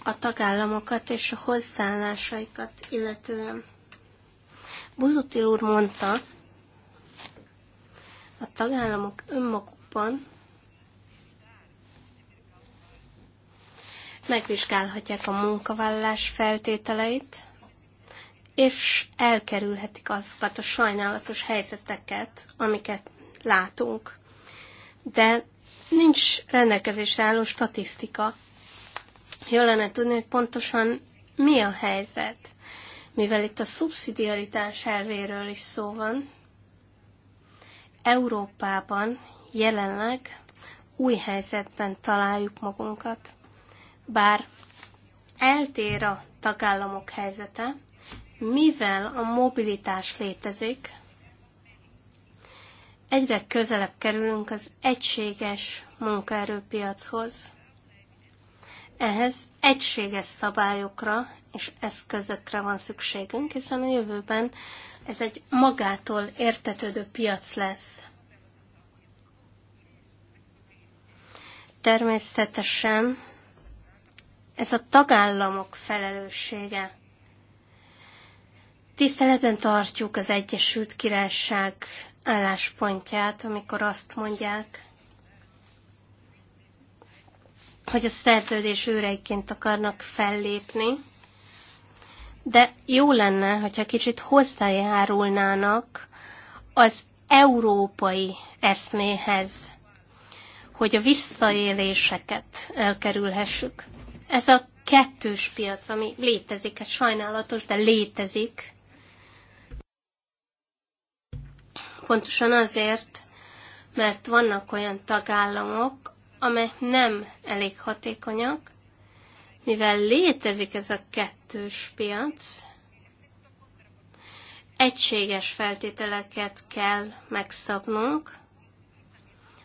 A tagállamokat és a hozzáállásaikat illetően. Buzutil úr mondta, a tagállamok önmagukban megvizsgálhatják a munkavállalás feltételeit, és elkerülhetik azokat a sajnálatos helyzeteket, amiket látunk. De nincs rendelkezésre álló statisztika. Jól lenne tudni, hogy pontosan mi a helyzet. Mivel itt a szubszidiaritás elvéről is szó van, Európában jelenleg új helyzetben találjuk magunkat, bár eltér a tagállamok helyzete, mivel a mobilitás létezik, egyre közelebb kerülünk az egységes munkaerőpiachoz. Ehhez egységes szabályokra és eszközökre van szükségünk, hiszen a jövőben ez egy magától értetődő piac lesz. Természetesen ez a tagállamok felelőssége. Tiszteleten tartjuk az Egyesült Királyság álláspontját, amikor azt mondják, hogy a szerződés őreiként akarnak fellépni, de jó lenne, hogyha kicsit hozzájárulnának az európai eszméhez, hogy a visszaéléseket elkerülhessük. Ez a kettős piac, ami létezik, ez sajnálatos, de létezik. Pontosan azért, mert vannak olyan tagállamok, amelyek nem elég hatékonyak, mivel létezik ez a kettős piac, egységes feltételeket kell megszabnunk,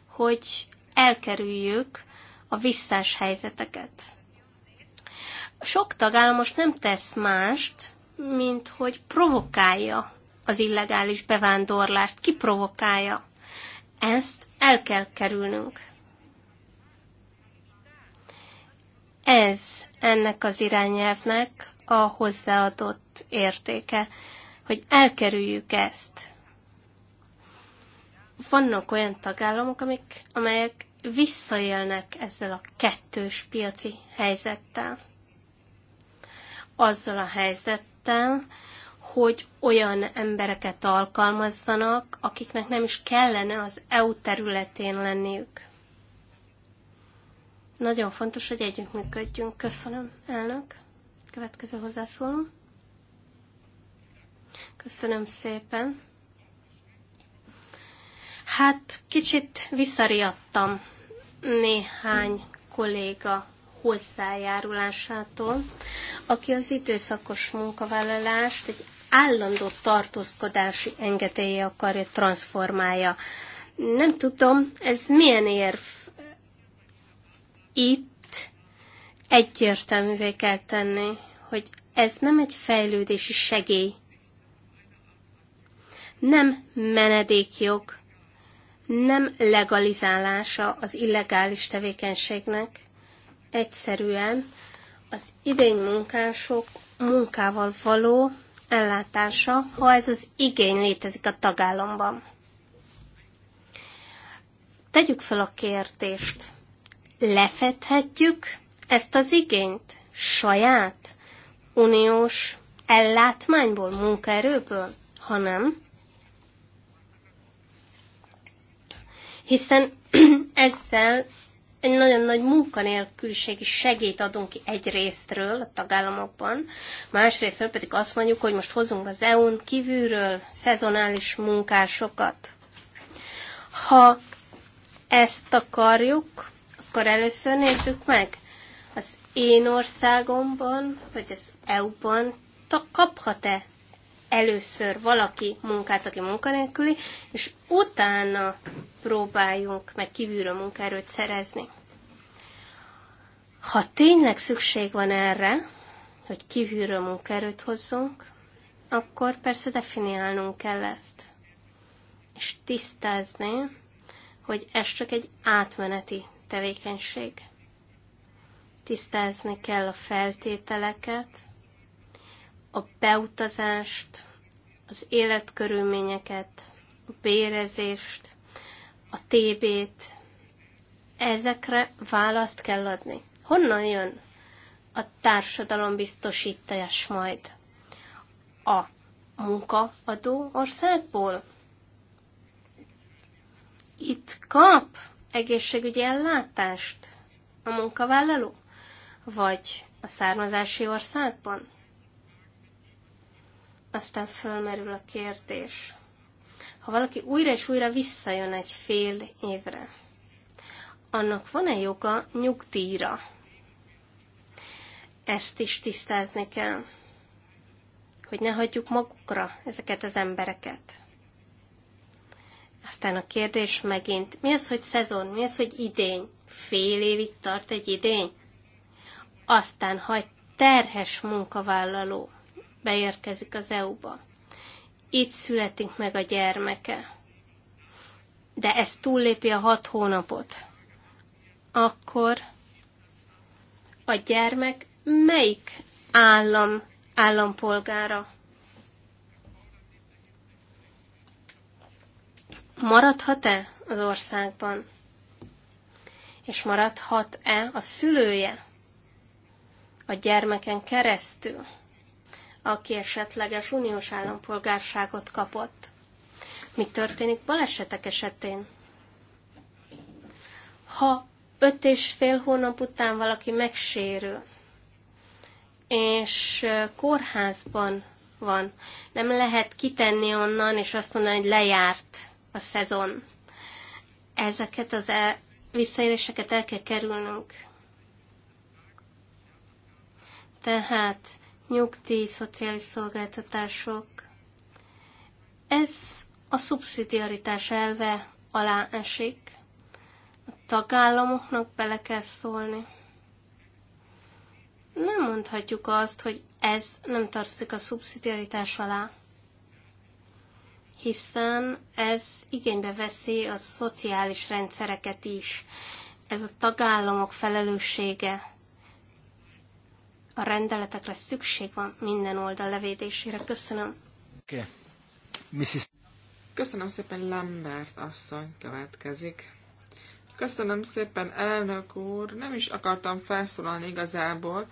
hogy elkerüljük a visszás helyzeteket. Sok tagállam most nem tesz mást, mint hogy provokálja az illegális bevándorlást, kiprovokálja. Ezt el kell kerülnünk. Ez ennek az irányelvnek a hozzáadott értéke, hogy elkerüljük ezt. Vannak olyan tagállamok, amik, amelyek visszaélnek ezzel a kettős piaci helyzettel. Azzal a helyzettel, hogy olyan embereket alkalmazzanak, akiknek nem is kellene az EU területén lenniük. Nagyon fontos, hogy együttműködjünk. Köszönöm, elnök. Következő hozzászóló. Köszönöm szépen. Hát kicsit visszariadtam néhány kolléga hozzájárulásától, aki az időszakos munkavállalást egy állandó tartózkodási engedélye akarja transformálja. Nem tudom, ez milyen érv itt egyértelművé kell tenni, hogy ez nem egy fejlődési segély, nem menedékjog, nem legalizálása az illegális tevékenységnek, egyszerűen az idény munkások munkával való ellátása, ha ez az igény létezik a tagállamban. Tegyük fel a kérdést lefedhetjük ezt az igényt saját uniós ellátmányból, munkaerőből, hanem hiszen ezzel egy nagyon nagy munkanélküliségi segít adunk ki egy részről a tagállamokban, másrésztről pedig azt mondjuk, hogy most hozunk az EU-n kívülről szezonális munkásokat. Ha ezt akarjuk, akkor először nézzük meg az én országomban, vagy az EU-ban kaphat-e először valaki munkát, aki munkanélküli, és utána próbáljunk meg kívülről munkaerőt szerezni. Ha tényleg szükség van erre, hogy kívülről munkaerőt hozzunk, akkor persze definiálnunk kell ezt. És tisztázni, hogy ez csak egy átmeneti tevékenység. Tisztázni kell a feltételeket, a beutazást, az életkörülményeket, a bérezést, a TB-t. Ezekre választ kell adni. Honnan jön a biztosítás majd? A munkaadó országból? Itt kap egészségügyi ellátást a munkavállaló, vagy a származási országban? Aztán fölmerül a kérdés. Ha valaki újra és újra visszajön egy fél évre, annak van-e joga nyugdíjra? Ezt is tisztázni kell, hogy ne hagyjuk magukra ezeket az embereket. Aztán a kérdés megint, mi az, hogy szezon, mi az, hogy idény? Fél évig tart egy idény? Aztán, ha egy terhes munkavállaló beérkezik az EU-ba, itt születik meg a gyermeke, de ez túllépi a hat hónapot, akkor a gyermek melyik állam állampolgára maradhat-e az országban? És maradhat-e a szülője a gyermeken keresztül, aki esetleges uniós állampolgárságot kapott? Mi történik balesetek esetén? Ha öt és fél hónap után valaki megsérül, és kórházban van, nem lehet kitenni onnan, és azt mondani, hogy lejárt a szezon. Ezeket az el, visszaéléseket el kell kerülnünk. Tehát nyugdíj, szociális szolgáltatások. Ez a szubszidiaritás elve alá esik. A tagállamoknak bele kell szólni. Nem mondhatjuk azt, hogy ez nem tartozik a szubszidiaritás alá hiszen ez igénybe veszi a szociális rendszereket is. Ez a tagállamok felelőssége. A rendeletekre szükség van minden oldal levédésére. Köszönöm. Okay. Mrs. Köszönöm szépen, Lambert asszony következik. Köszönöm szépen, elnök úr. Nem is akartam felszólalni igazából,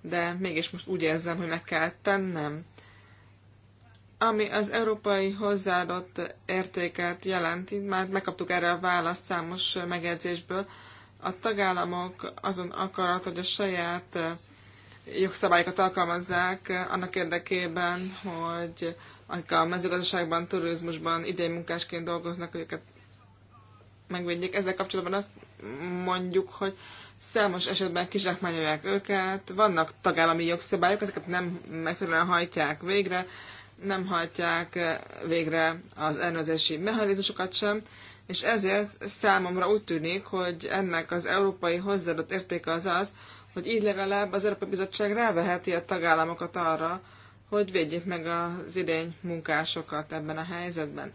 de mégis most úgy érzem, hogy meg kell tennem ami az európai hozzáadott értéket jelenti, már megkaptuk erre a választ számos megjegyzésből, a tagállamok azon akarat, hogy a saját eh, jogszabályokat alkalmazzák eh, annak érdekében, hogy akik a mezőgazdaságban, turizmusban idén munkásként dolgoznak, hogy őket megvédjék. Ezzel kapcsolatban azt mondjuk, hogy számos esetben kizsákmányolják őket, vannak tagállami jogszabályok, ezeket nem megfelelően hajtják végre, nem hajtják eh, végre az ellenőrzési mechanizmusokat sem, és ezért számomra úgy tűnik, hogy ennek az európai hozzáadott értéke az az, hogy így legalább az Európai Bizottság ráveheti a tagállamokat arra, hogy védjék meg az idény munkásokat ebben a helyzetben.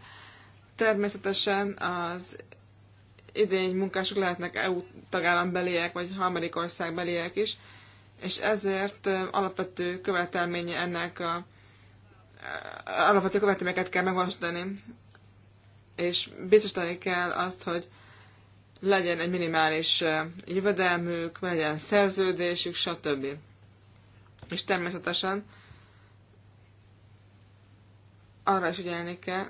Természetesen az idény munkások lehetnek EU tagállambeliek, vagy harmadik beliek is, és ezért eh, alapvető követelménye ennek a alapvető követelményeket kell megvalósítani, és biztosítani kell azt, hogy legyen egy minimális jövedelmük, legyen szerződésük, stb. És természetesen arra is ügyelni kell,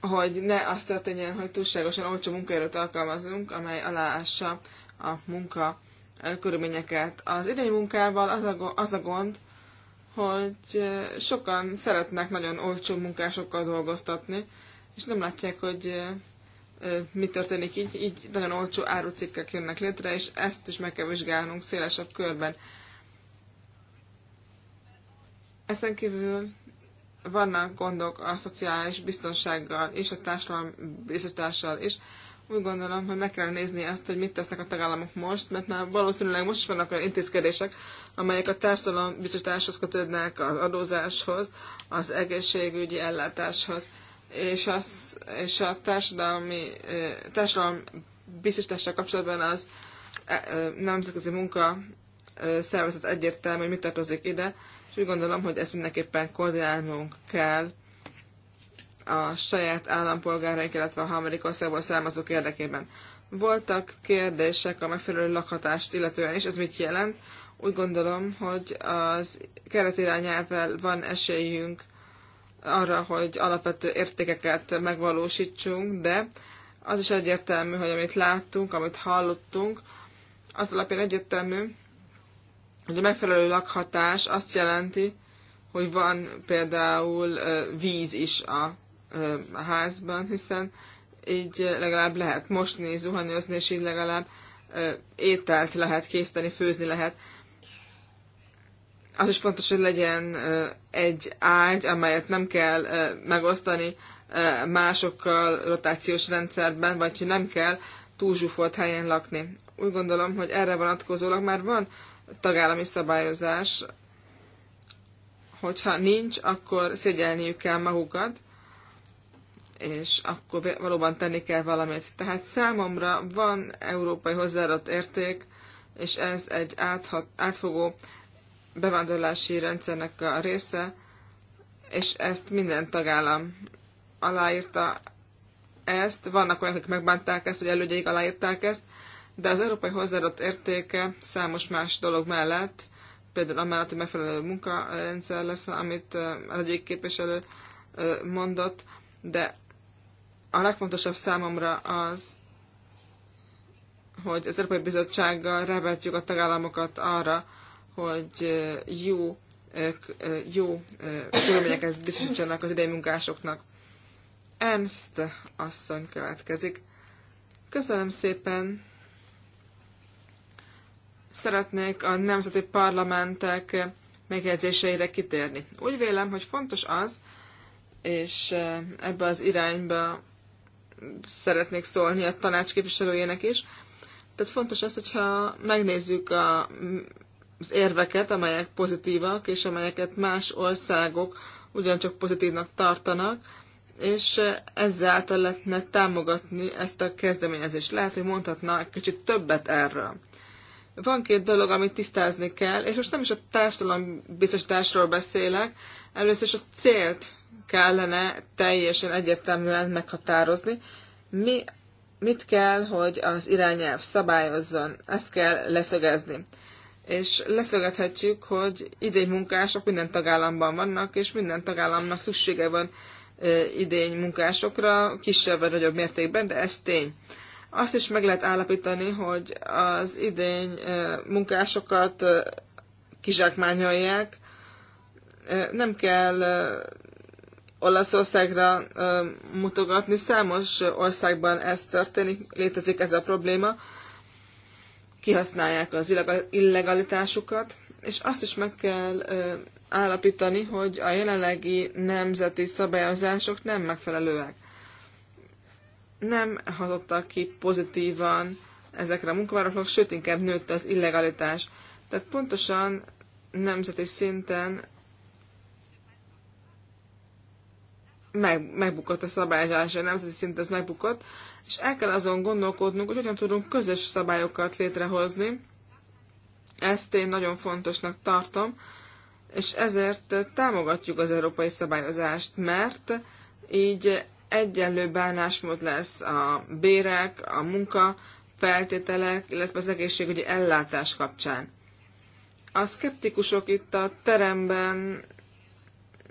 hogy ne azt történjen, hogy túlságosan olcsó munkaerőt alkalmazunk, amely aláássa a munka körülményeket. Az idei munkával az a, az a gond, hogy sokan szeretnek nagyon olcsó munkásokkal dolgoztatni, és nem látják, hogy mi történik így, így nagyon olcsó árucikkek jönnek létre, és ezt is meg kell vizsgálnunk szélesebb körben. Ezen kívül vannak gondok a szociális biztonsággal és a társadalom biztosítással is. És úgy gondolom, hogy meg kell nézni ezt, hogy mit tesznek a tagállamok most, mert már valószínűleg most is vannak olyan intézkedések, amelyek a biztosításhoz kötődnek, az adózáshoz, az egészségügyi ellátáshoz, és, az, és a társadalmi, társadalom biztosítással kapcsolatban az e, nemzetközi munka szervezet egyértelmű, hogy mit tartozik ide, és úgy gondolom, hogy ezt mindenképpen koordinálnunk kell a saját állampolgáraink, illetve a harmadik országból származók érdekében. Voltak kérdések a megfelelő lakhatást illetően is, ez mit jelent? Úgy gondolom, hogy az keretirányával van esélyünk arra, hogy alapvető értékeket megvalósítsunk, de az is egyértelmű, hogy amit láttunk, amit hallottunk, az alapján egyértelmű, hogy a megfelelő lakhatás azt jelenti, hogy van például víz is a a házban, hiszen így legalább lehet mosni, zuhanyozni, és így legalább ételt lehet készíteni, főzni lehet. Az is fontos, hogy legyen egy ágy, amelyet nem kell megosztani másokkal rotációs rendszerben, vagy hogy nem kell túlzsúfolt helyen lakni. Úgy gondolom, hogy erre vonatkozólag már van tagállami szabályozás, hogyha nincs, akkor szégyelniük kell magukat, és akkor valóban tenni kell valamit. Tehát számomra van európai hozzáadott érték, és ez egy áthat, átfogó bevándorlási rendszernek a része, és ezt minden tagállam aláírta ezt, vannak olyanok, akik megbánták ezt, hogy elődjeik aláírták ezt, de az európai hozzáadott értéke számos más dolog mellett, például amellett, hogy megfelelő munkarendszer lesz, amit eh, az egyik képviselő eh, mondott, de a legfontosabb számomra az, hogy az Európai Bizottsággal rávetjük a tagállamokat arra, hogy jó, jó körülményeket biztosítsanak az idei munkásoknak. Ernst asszony következik. Köszönöm szépen! Szeretnék a nemzeti parlamentek megjegyzéseire kitérni. Úgy vélem, hogy fontos az, és ebbe az irányba szeretnék szólni a tanács is. Tehát fontos az, hogyha megnézzük a, az érveket, amelyek pozitívak, és amelyeket más országok ugyancsak pozitívnak tartanak, és ezáltal lehetne támogatni ezt a kezdeményezést. Lehet, hogy mondhatna egy kicsit többet erről. Van két dolog, amit tisztázni kell, és most nem is a biztosításról beszélek, először is a célt kellene teljesen egyértelműen meghatározni, mi, mit kell, hogy az irányelv szabályozzon. Ezt kell leszögezni. És leszögethetjük, hogy idény munkások minden tagállamban vannak, és minden tagállamnak szüksége van idény munkásokra, kisebb vagy nagyobb mértékben, de ez tény. Azt is meg lehet állapítani, hogy az idény munkásokat kizsákmányolják, nem kell Olaszországra mutogatni. Számos országban ez történik, létezik ez a probléma. Kihasználják az illegalitásukat, és azt is meg kell állapítani, hogy a jelenlegi nemzeti szabályozások nem megfelelőek. Nem hatottak ki pozitívan ezekre a munkavállalók sőt inkább nőtt az illegalitás. Tehát pontosan nemzeti szinten meg, megbukott a szabályozás, a nemzeti szint ez megbukott, és el kell azon gondolkodnunk, hogy hogyan tudunk közös szabályokat létrehozni. Ezt én nagyon fontosnak tartom, és ezért támogatjuk az európai szabályozást, mert így egyenlő bánásmód lesz a bérek, a munka, feltételek, illetve az egészségügyi ellátás kapcsán. A szkeptikusok itt a teremben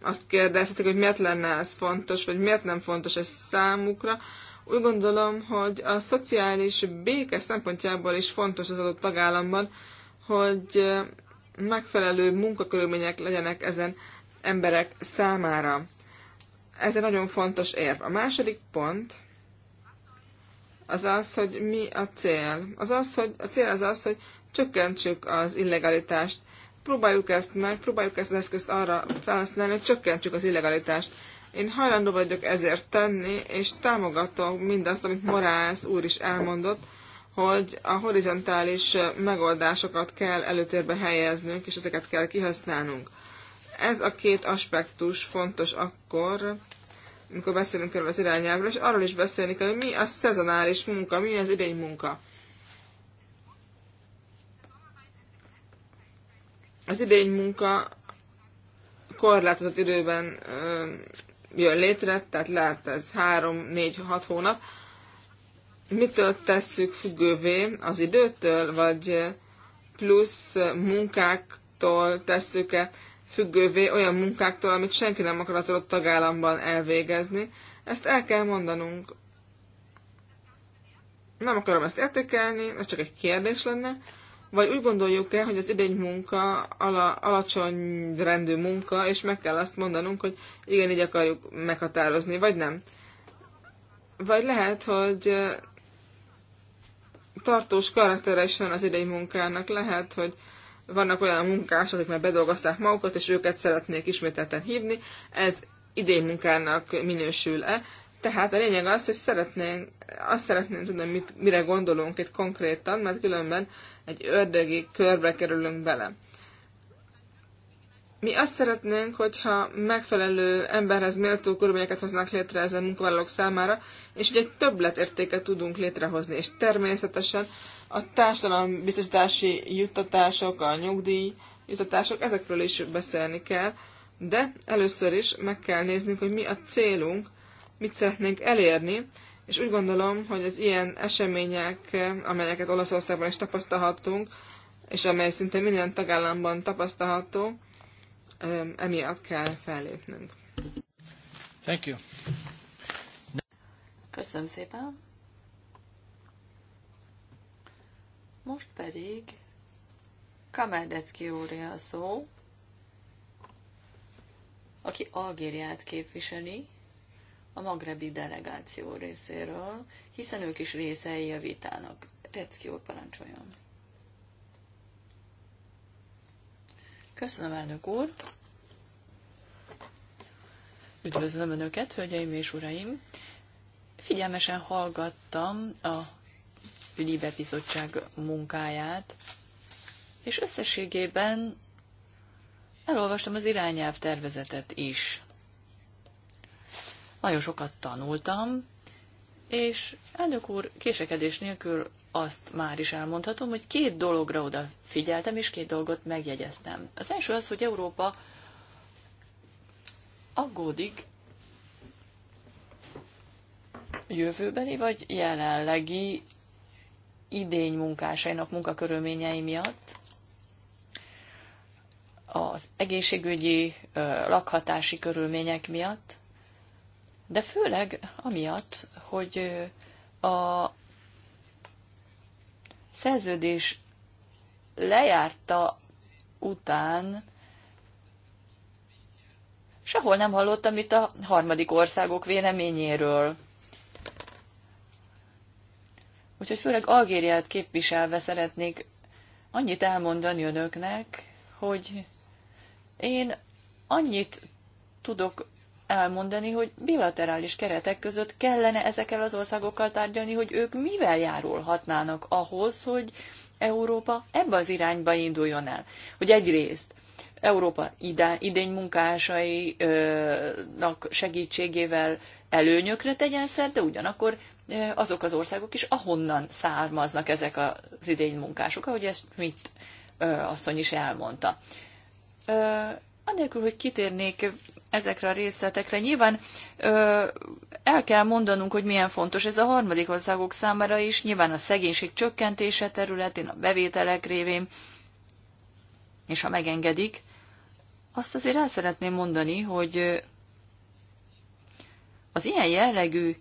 azt kérdeztetek, hogy miért lenne ez fontos, vagy miért nem fontos ez számukra. Úgy gondolom, hogy a szociális béke szempontjából is fontos az adott tagállamban, hogy megfelelő munkakörülmények legyenek ezen emberek számára. Ez egy nagyon fontos érv. A második pont az az, hogy mi a cél. Az az, hogy a cél az az, hogy csökkentsük az illegalitást. Próbáljuk ezt meg, próbáljuk ezt az eszközt arra felhasználni, hogy csökkentsük az illegalitást. Én hajlandó vagyok ezért tenni, és támogatom mindazt, amit Morász úr is elmondott, hogy a horizontális megoldásokat kell előtérbe helyeznünk, és ezeket kell kihasználnunk. Ez a két aspektus fontos akkor, amikor beszélünk erről az irányelvről, és arról is beszélni kell, hogy mi a szezonális munka, mi az idény munka. Az idény munka korlátozott időben jön létre, tehát lehet ez 3-4-6 hónap. Mitől tesszük függővé? Az időtől, vagy plusz munkáktól tesszük-e függővé olyan munkáktól, amit senki nem akar az adott tagállamban elvégezni? Ezt el kell mondanunk. Nem akarom ezt értékelni, ez csak egy kérdés lenne vagy úgy gondoljuk-e, hogy az idény munka ala, alacsony rendű munka, és meg kell azt mondanunk, hogy igen, így akarjuk meghatározni, vagy nem. Vagy lehet, hogy tartós karakteresen az idei munkának. Lehet, hogy vannak olyan munkások, akik már bedolgozták magukat, és őket szeretnék ismételten hívni. Ez idén munkának minősül-e? Tehát a lényeg az, hogy szeretnénk, azt szeretnénk tudni, mit, mire gondolunk itt konkrétan, mert különben egy ördögi körbe kerülünk bele. Mi azt szeretnénk, hogyha megfelelő emberhez méltó körülményeket hoznak létre ezen munkavállalók számára, és hogy egy többletértéket tudunk létrehozni, és természetesen a társadalom biztosítási juttatások, a nyugdíj juttatások, ezekről is beszélni kell, de először is meg kell néznünk, hogy mi a célunk, mit szeretnénk elérni, és úgy gondolom, hogy az ilyen események, amelyeket Olaszországban is tapasztalhattunk, és amely szinte minden tagállamban tapasztalható, emiatt kell fellépnünk. Thank you. Köszönöm szépen. Most pedig Kamerdecki úrja a szó, aki Algériát képviseli, a magrebi delegáció részéről, hiszen ők is részei a vitának. Recki úr, parancsoljon! Köszönöm, elnök úr! Üdvözlöm Önöket, hölgyeim és uraim! Figyelmesen hallgattam a Libe Bizottság munkáját, és összességében elolvastam az irányelv tervezetet is. Nagyon sokat tanultam, és elnök úr, késekedés nélkül azt már is elmondhatom, hogy két dologra odafigyeltem, és két dolgot megjegyeztem. Az első az, hogy Európa aggódik jövőbeni vagy jelenlegi idény munkásainak munkakörülményei miatt az egészségügyi, lakhatási körülmények miatt, de főleg amiatt, hogy a szerződés lejárta után sehol nem hallottam itt a harmadik országok véleményéről. Úgyhogy főleg Algériát képviselve szeretnék annyit elmondani önöknek, hogy én annyit tudok elmondani, hogy bilaterális keretek között kellene ezekkel az országokkal tárgyalni, hogy ők mivel járulhatnának ahhoz, hogy Európa ebbe az irányba induljon el. Hogy egyrészt Európa idény munkásainak segítségével előnyökre tegyen szert, de ugyanakkor azok az országok is, ahonnan származnak ezek az idény munkások, ahogy ezt mit asszony is elmondta. Anélkül, hogy kitérnék ezekre a részletekre. Nyilván ö, el kell mondanunk, hogy milyen fontos ez a harmadik országok számára is, nyilván a szegénység csökkentése területén, a bevételek révén, és ha megengedik, azt azért el szeretném mondani, hogy az ilyen jellegű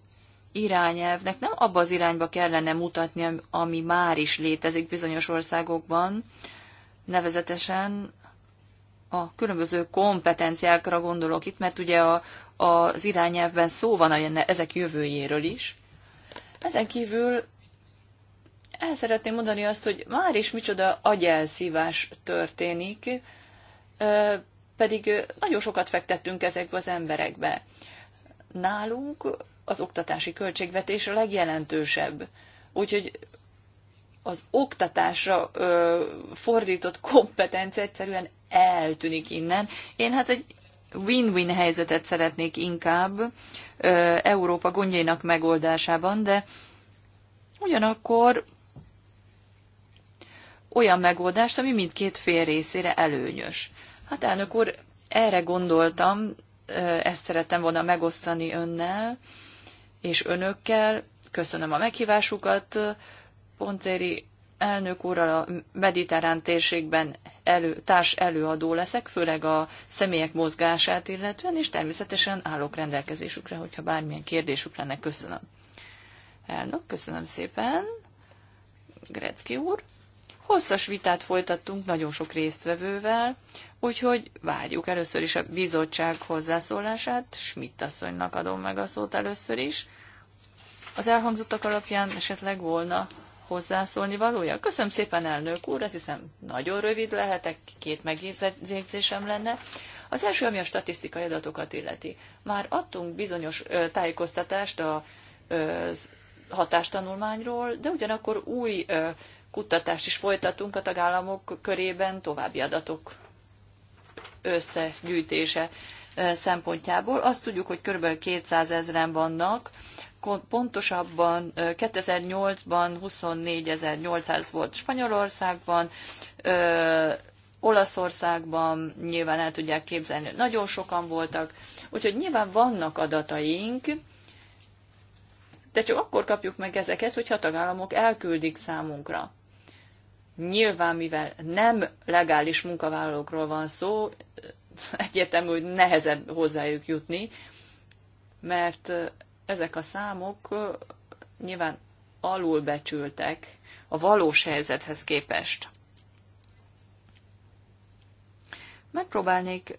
irányelvnek nem abba az irányba kellene mutatni, ami már is létezik bizonyos országokban, nevezetesen a különböző kompetenciákra gondolok itt, mert ugye a, az irányelvben szó van a, ezek jövőjéről is. Ezen kívül el szeretném mondani azt, hogy már is micsoda agyelszívás történik, pedig nagyon sokat fektettünk ezekbe az emberekbe. Nálunk az oktatási költségvetés a legjelentősebb. Úgyhogy az oktatásra ö, fordított kompetencia egyszerűen eltűnik innen. Én hát egy win-win helyzetet szeretnék inkább Európa gondjainak megoldásában, de ugyanakkor olyan megoldást, ami mindkét fél részére előnyös. Hát elnök úr, erre gondoltam, ezt szerettem volna megosztani önnel és önökkel. Köszönöm a meghívásukat. Poncéri elnök úrral a mediterrán térségben elő, társ előadó leszek, főleg a személyek mozgását illetően, és természetesen állok rendelkezésükre, hogyha bármilyen kérdésük lenne. Köszönöm. Elnök, köszönöm szépen. Grecki úr. Hosszas vitát folytattunk nagyon sok résztvevővel, úgyhogy várjuk először is a bizottság hozzászólását. Schmidt asszonynak adom meg a szót először is. Az elhangzottak alapján esetleg volna hozzászólni valója? Köszönöm szépen, elnök úr, azt hiszem nagyon rövid lehetek, két megjegyzésem lenne. Az első, ami a statisztikai adatokat illeti. Már adtunk bizonyos tájékoztatást a hatástanulmányról, de ugyanakkor új kutatást is folytatunk a tagállamok körében további adatok összegyűjtése szempontjából. Azt tudjuk, hogy kb. 200 ezeren vannak, pontosabban 2008-ban 24.800 volt Spanyolországban, Olaszországban nyilván el tudják képzelni, hogy nagyon sokan voltak, úgyhogy nyilván vannak adataink, de csak akkor kapjuk meg ezeket, hogyha a tagállamok elküldik számunkra. Nyilván, mivel nem legális munkavállalókról van szó, egyértelmű, hogy nehezebb hozzájuk jutni, mert ezek a számok nyilván alulbecsültek a valós helyzethez képest. Megpróbálnék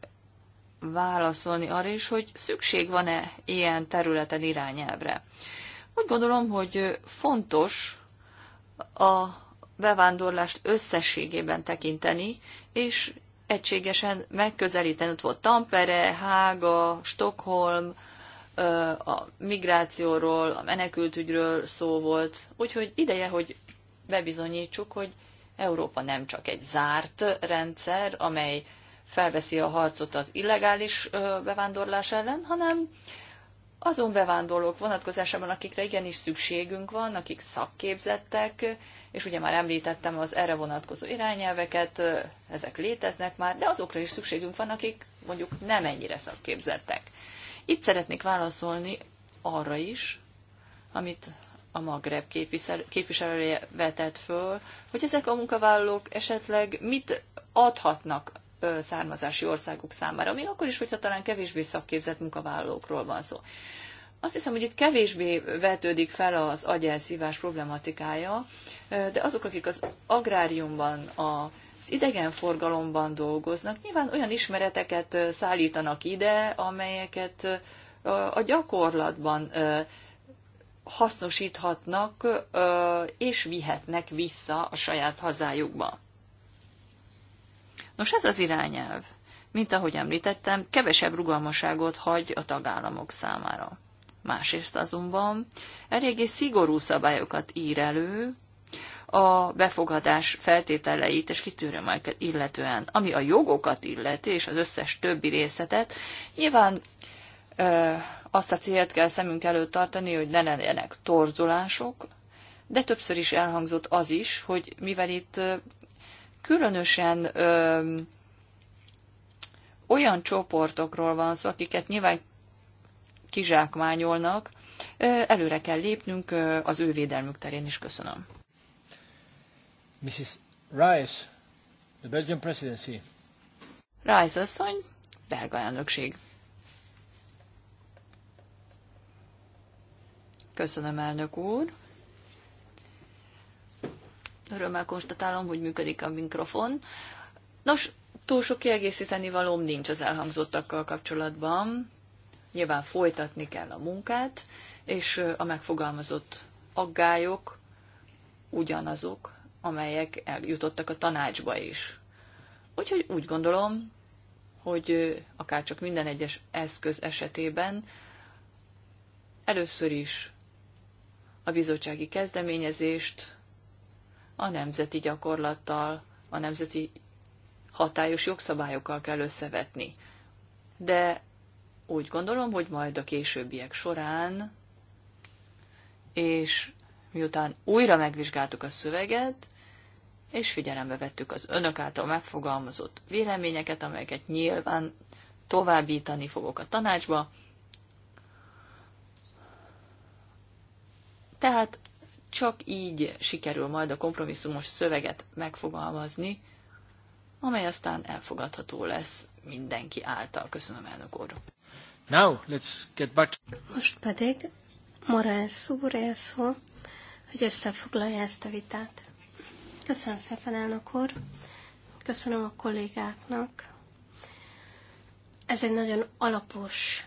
válaszolni arra is, hogy szükség van-e ilyen területen irányelvre. Úgy gondolom, hogy fontos a bevándorlást összességében tekinteni, és egységesen megközelíteni. Ott volt Tampere, Hága, Stockholm, a migrációról, a menekültügyről szó volt, úgyhogy ideje, hogy bebizonyítsuk, hogy Európa nem csak egy zárt rendszer, amely felveszi a harcot az illegális bevándorlás ellen, hanem azon bevándorlók vonatkozásában, akikre igenis szükségünk van, akik szakképzettek, és ugye már említettem az erre vonatkozó irányelveket, ezek léteznek már, de azokra is szükségünk van, akik mondjuk nem ennyire szakképzettek. Itt szeretnék válaszolni arra is, amit a Magreb képviselője vetett föl, hogy ezek a munkavállalók esetleg mit adhatnak származási országuk számára, még akkor is, hogyha talán kevésbé szakképzett munkavállalókról van szó. Azt hiszem, hogy itt kevésbé vetődik fel az agyelszívás problematikája, de azok, akik az agráriumban, a az idegenforgalomban dolgoznak, nyilván olyan ismereteket szállítanak ide, amelyeket a gyakorlatban hasznosíthatnak és vihetnek vissza a saját hazájukba. Nos, ez az irányelv, mint ahogy említettem, kevesebb rugalmaságot hagy a tagállamok számára. Másrészt azonban eléggé szigorú szabályokat ír elő, a befogadás feltételeit és kitűrőmeket illetően, ami a jogokat illeti, és az összes többi részletet, nyilván azt a célt kell szemünk előtt tartani, hogy ne legyenek torzulások, de többször is elhangzott az is, hogy mivel itt különösen ö, olyan csoportokról van szó, akiket nyilván kizsákmányolnak, előre kell lépnünk az ő védelmük terén is. Köszönöm. Mrs. Rice, the Belgian presidency. Rice asszony, belga elnökség. Köszönöm, elnök úr. Örömmel konstatálom, hogy működik a mikrofon. Nos, túl sok kiegészíteni valóm nincs az elhangzottakkal kapcsolatban. Nyilván folytatni kell a munkát, és a megfogalmazott aggályok ugyanazok, amelyek eljutottak a tanácsba is. Úgyhogy úgy gondolom, hogy akár csak minden egyes eszköz esetében először is a bizottsági kezdeményezést a nemzeti gyakorlattal, a nemzeti hatályos jogszabályokkal kell összevetni. De úgy gondolom, hogy majd a későbbiek során, és miután újra megvizsgáltuk a szöveget, és figyelembe vettük az önök által megfogalmazott véleményeket, amelyeket nyilván továbbítani fogok a tanácsba. Tehát csak így sikerül majd a kompromisszumos szöveget megfogalmazni, amely aztán elfogadható lesz mindenki által. Köszönöm, elnök úr. Now, let's get back to... Most pedig Morales úr elszól, hogy összefoglalja ezt a vitát. Köszönöm szépen, elnök úr. Köszönöm a kollégáknak. Ez egy nagyon alapos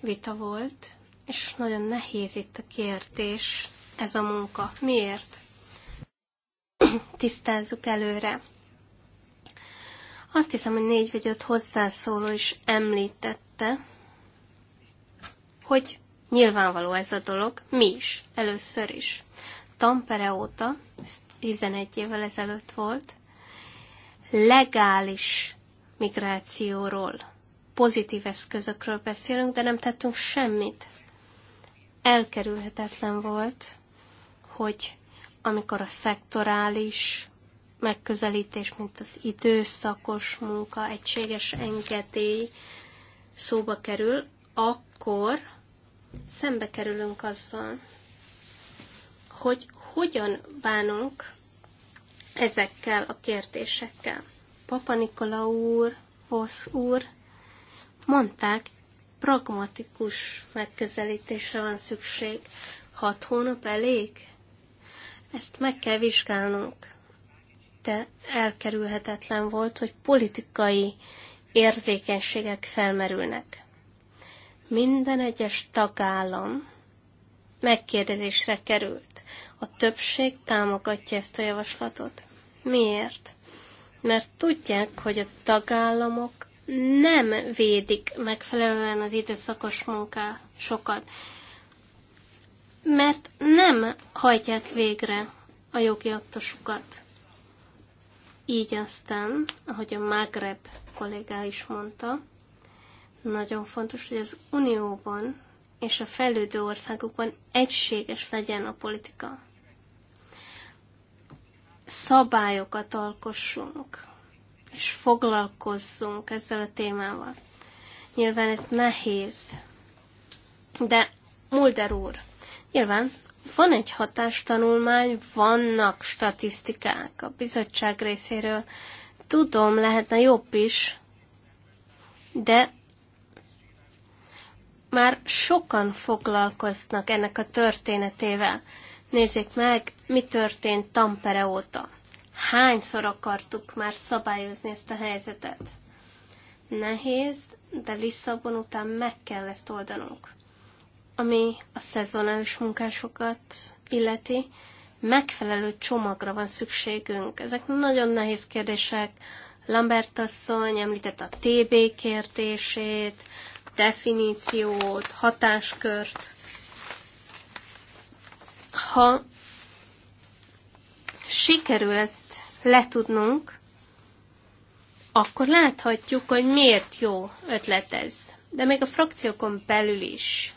vita volt, és nagyon nehéz itt a kérdés, ez a munka. Miért? Tisztázzuk előre. Azt hiszem, hogy négy vagy öt hozzászóló is említette, hogy nyilvánvaló ez a dolog, mi is, először is. Tampere óta, ezt 11 évvel ezelőtt volt, legális migrációról, pozitív eszközökről beszélünk, de nem tettünk semmit. Elkerülhetetlen volt, hogy amikor a szektorális megközelítés, mint az időszakos munka, egységes engedély szóba kerül, akkor szembe kerülünk azzal, hogy hogyan bánunk ezekkel a kérdésekkel. Papa Nikola úr, Vosz úr mondták, pragmatikus megközelítésre van szükség. Hat hónap elég? Ezt meg kell vizsgálnunk. De elkerülhetetlen volt, hogy politikai érzékenységek felmerülnek. Minden egyes tagállam megkérdezésre került. A többség támogatja ezt a javaslatot. Miért? Mert tudják, hogy a tagállamok nem védik megfelelően az időszakos munkásokat, mert nem hajtják végre a jogi aktusukat. Így aztán, ahogy a Magreb kollégá is mondta, nagyon fontos, hogy az Unióban és a fejlődő országokban egységes legyen a politika szabályokat alkossunk, és foglalkozzunk ezzel a témával. Nyilván ez nehéz, de Mulder úr, nyilván van egy hatástanulmány, vannak statisztikák a bizottság részéről. Tudom, lehetne jobb is, de már sokan foglalkoznak ennek a történetével. Nézzék meg, mi történt Tampere óta. Hányszor akartuk már szabályozni ezt a helyzetet? Nehéz, de Lisszabon után meg kell ezt oldanunk. Ami a szezonális munkásokat illeti, megfelelő csomagra van szükségünk. Ezek nagyon nehéz kérdések. Lambert asszony említett a TB kérdését, definíciót, hatáskört. Ha sikerül ezt letudnunk, akkor láthatjuk, hogy miért jó ötlet ez. De még a frakciókon belül is,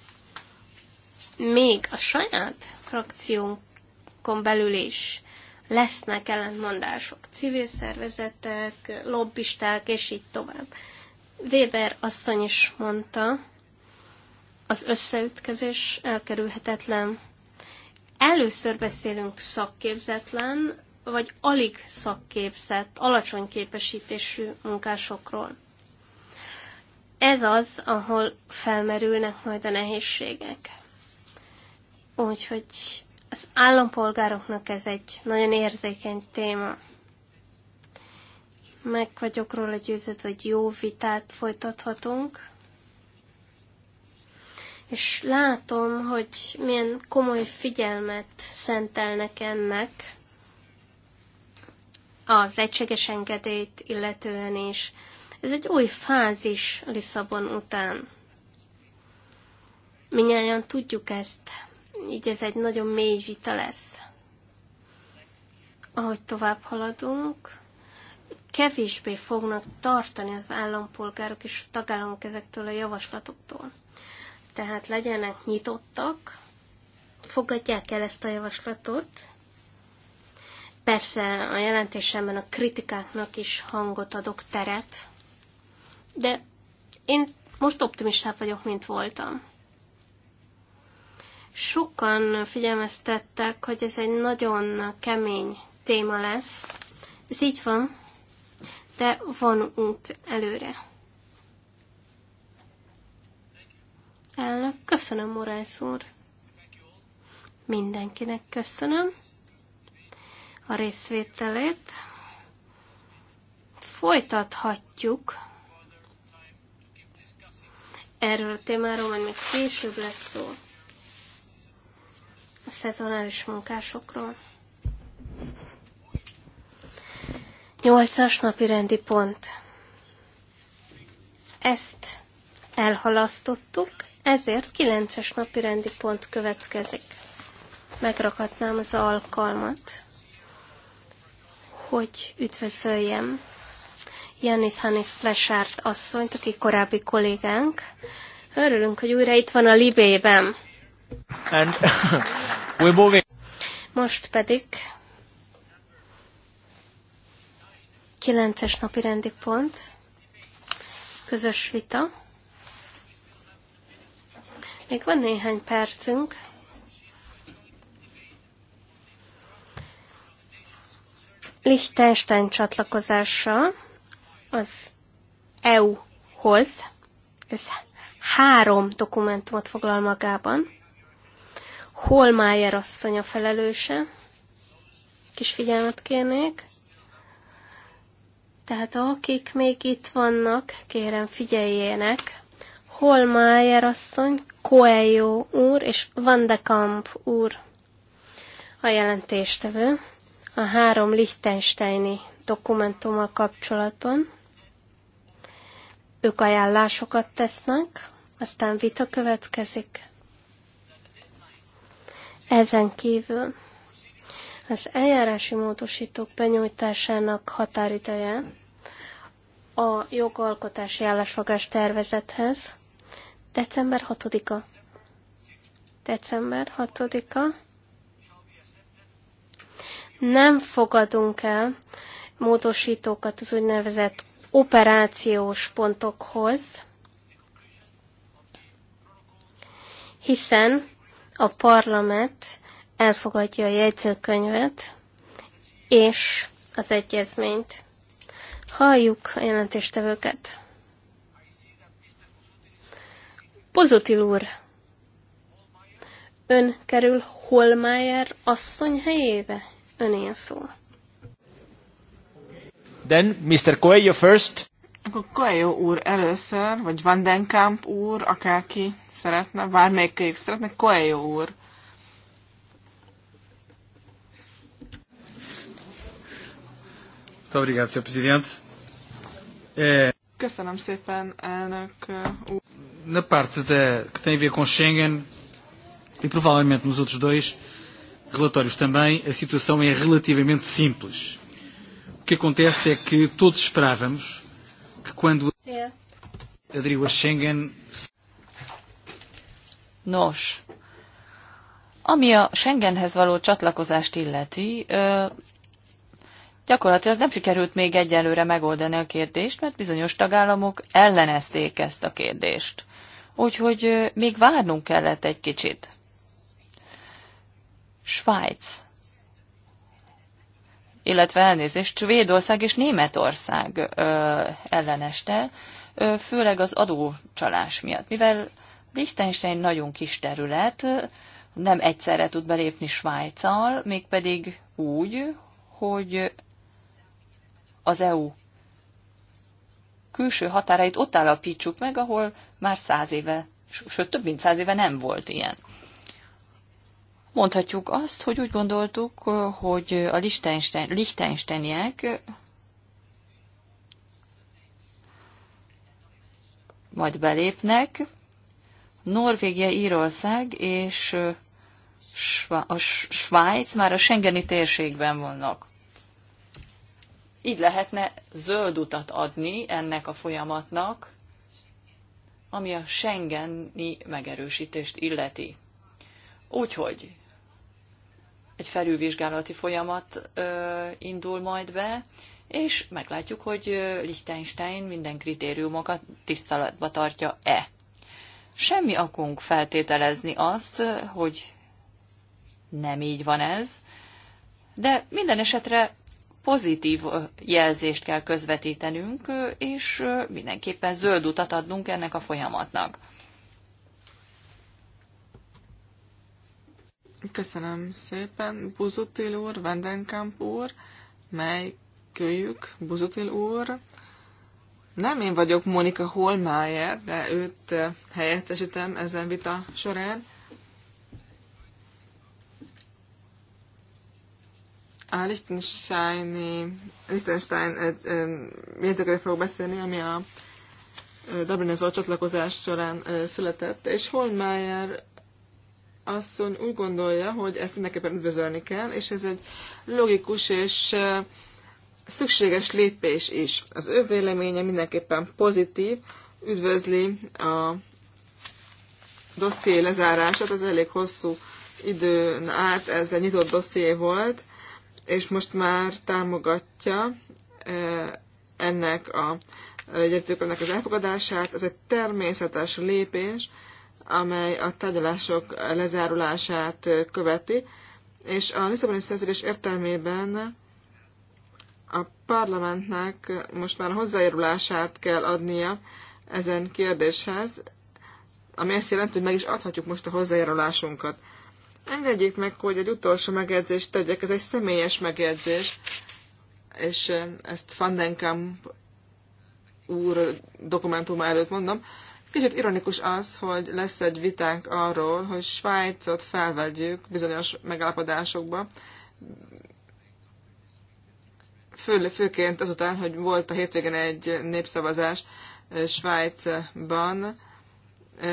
még a saját frakciónkon belül is lesznek ellentmondások, civil szervezetek, lobbisták, és így tovább. Weber asszony is mondta, az összeütkezés elkerülhetetlen először beszélünk szakképzetlen, vagy alig szakképzett, alacsony képesítésű munkásokról. Ez az, ahol felmerülnek majd a nehézségek. Úgyhogy az állampolgároknak ez egy nagyon érzékeny téma. Meg vagyok róla győződve, hogy jó vitát folytathatunk, és látom, hogy milyen komoly figyelmet szentelnek ennek az egységes engedélyt illetően is. Ez egy új fázis Lisszabon után. Minnyáján tudjuk ezt, így ez egy nagyon mély vita lesz. Ahogy tovább haladunk, kevésbé fognak tartani az állampolgárok és a tagállamok ezektől a javaslatoktól. Tehát legyenek nyitottak, fogadják el ezt a javaslatot. Persze a jelentésemben a kritikáknak is hangot adok teret, de én most optimistább vagyok, mint voltam. Sokan figyelmeztettek, hogy ez egy nagyon kemény téma lesz. Ez így van, de van út előre. Elnök, köszönöm, Morász úr. Mindenkinek köszönöm a részvételét. Folytathatjuk. Erről a témáról majd még később lesz szó. A szezonális munkásokról. Nyolcas napi rendi pont. Ezt elhalasztottuk, ezért kilences napi rendi pont következik. Megrakatnám az alkalmat, hogy üdvözöljem Janis Hanis Flesárt asszonyt, aki korábbi kollégánk. Örülünk, hogy újra itt van a Libében. And we're moving. Most pedig kilences napi rendi pont, közös vita még van néhány percünk. Liechtenstein csatlakozása az EU-hoz, ez három dokumentumot foglal magában. Holmájer asszony a felelőse, kis figyelmet kérnék. Tehát akik még itt vannak, kérem figyeljenek, Holmájer asszony, Coelho úr és Van de Kamp úr a jelentéstevő a három lichtensteini dokumentummal kapcsolatban. Ők ajánlásokat tesznek, aztán vita következik. Ezen kívül az eljárási módosítók benyújtásának határideje a jogalkotási állásfogás tervezethez December 6-a. December 6-a. Nem fogadunk el módosítókat az úgynevezett operációs pontokhoz, hiszen a parlament elfogadja a jegyzőkönyvet és az egyezményt. Halljuk a jelentéstevőket! Pozotil úr, ön kerül Holmájer asszony helyébe? Öné szól. Then Mr. Coelho first. Akkor Coelho úr először, vagy Van den Kamp úr, akárki szeretne, bármelyikük szeretne, Coelho úr. Köszönöm szépen, elnök úr na parte da, que tem a ver com Schengen e provavelmente nos outros dois relatórios também, a situação é relativamente simples. O que acontece é que todos esperávamos que quando yeah. aderiu a Schengen. Nos, ami a Schengenhez való csatlakozást illeti, ö, gyakorlatilag nem sikerült még egyelőre megoldani a kérdést, mert bizonyos tagállamok ellenezték ezt a kérdést úgyhogy még várnunk kellett egy kicsit. Svájc, illetve elnézést, Svédország és Németország ö, elleneste, ö, főleg az adócsalás miatt, mivel Liechtenstein nagyon kis terület, nem egyszerre tud belépni Svájccal, mégpedig úgy, hogy az EU külső határait ott állapítsuk meg, ahol már száz éve, sőt több mint száz éve nem volt ilyen. Mondhatjuk azt, hogy úgy gondoltuk, hogy a Liechtenstein, majd belépnek, Norvégia, Írország és a Svájc már a Schengeni térségben vannak. Így lehetne zöld utat adni ennek a folyamatnak, ami a Schengeni megerősítést illeti. Úgyhogy egy felülvizsgálati folyamat ö, indul majd be, és meglátjuk, hogy Liechtenstein minden kritériumokat tiszteletbe tartja-e. Semmi akunk feltételezni azt, hogy nem így van ez, de minden esetre pozitív jelzést kell közvetítenünk, és mindenképpen zöld utat adnunk ennek a folyamatnak. Köszönöm szépen. Buzutil úr, Vendenkamp úr, mely kölyük, Buzutil úr. Nem én vagyok Monika Holmájer, de őt helyettesítem ezen vita során. a Liechtensteini, Liechtenstein jegyzőkről fogok beszélni, ami a Dublinhoz csatlakozás során született, és Holmeyer asszony úgy gondolja, hogy ezt mindenképpen üdvözölni kell, és ez egy logikus és szükséges lépés is. Az ő véleménye mindenképpen pozitív, üdvözli a dosszié lezárását, az elég hosszú időn át ez egy nyitott dosszié volt, és most már támogatja ennek a jegyzőkönyvnek az elfogadását. Ez egy természetes lépés, amely a tárgyalások lezárulását követi, és a Lisszaboni szerződés értelmében a parlamentnek most már hozzájárulását kell adnia ezen kérdéshez, ami azt jelenti, hogy meg is adhatjuk most a hozzájárulásunkat. Engedjék meg, hogy egy utolsó megjegyzést tegyek, ez egy személyes megjegyzés, és ezt Fandenkám úr dokumentum előtt mondom. Kicsit ironikus az, hogy lesz egy vitánk arról, hogy Svájcot felvegyük bizonyos megállapodásokba, fő, főként azután, hogy volt a hétvégen egy népszavazás Svájcban,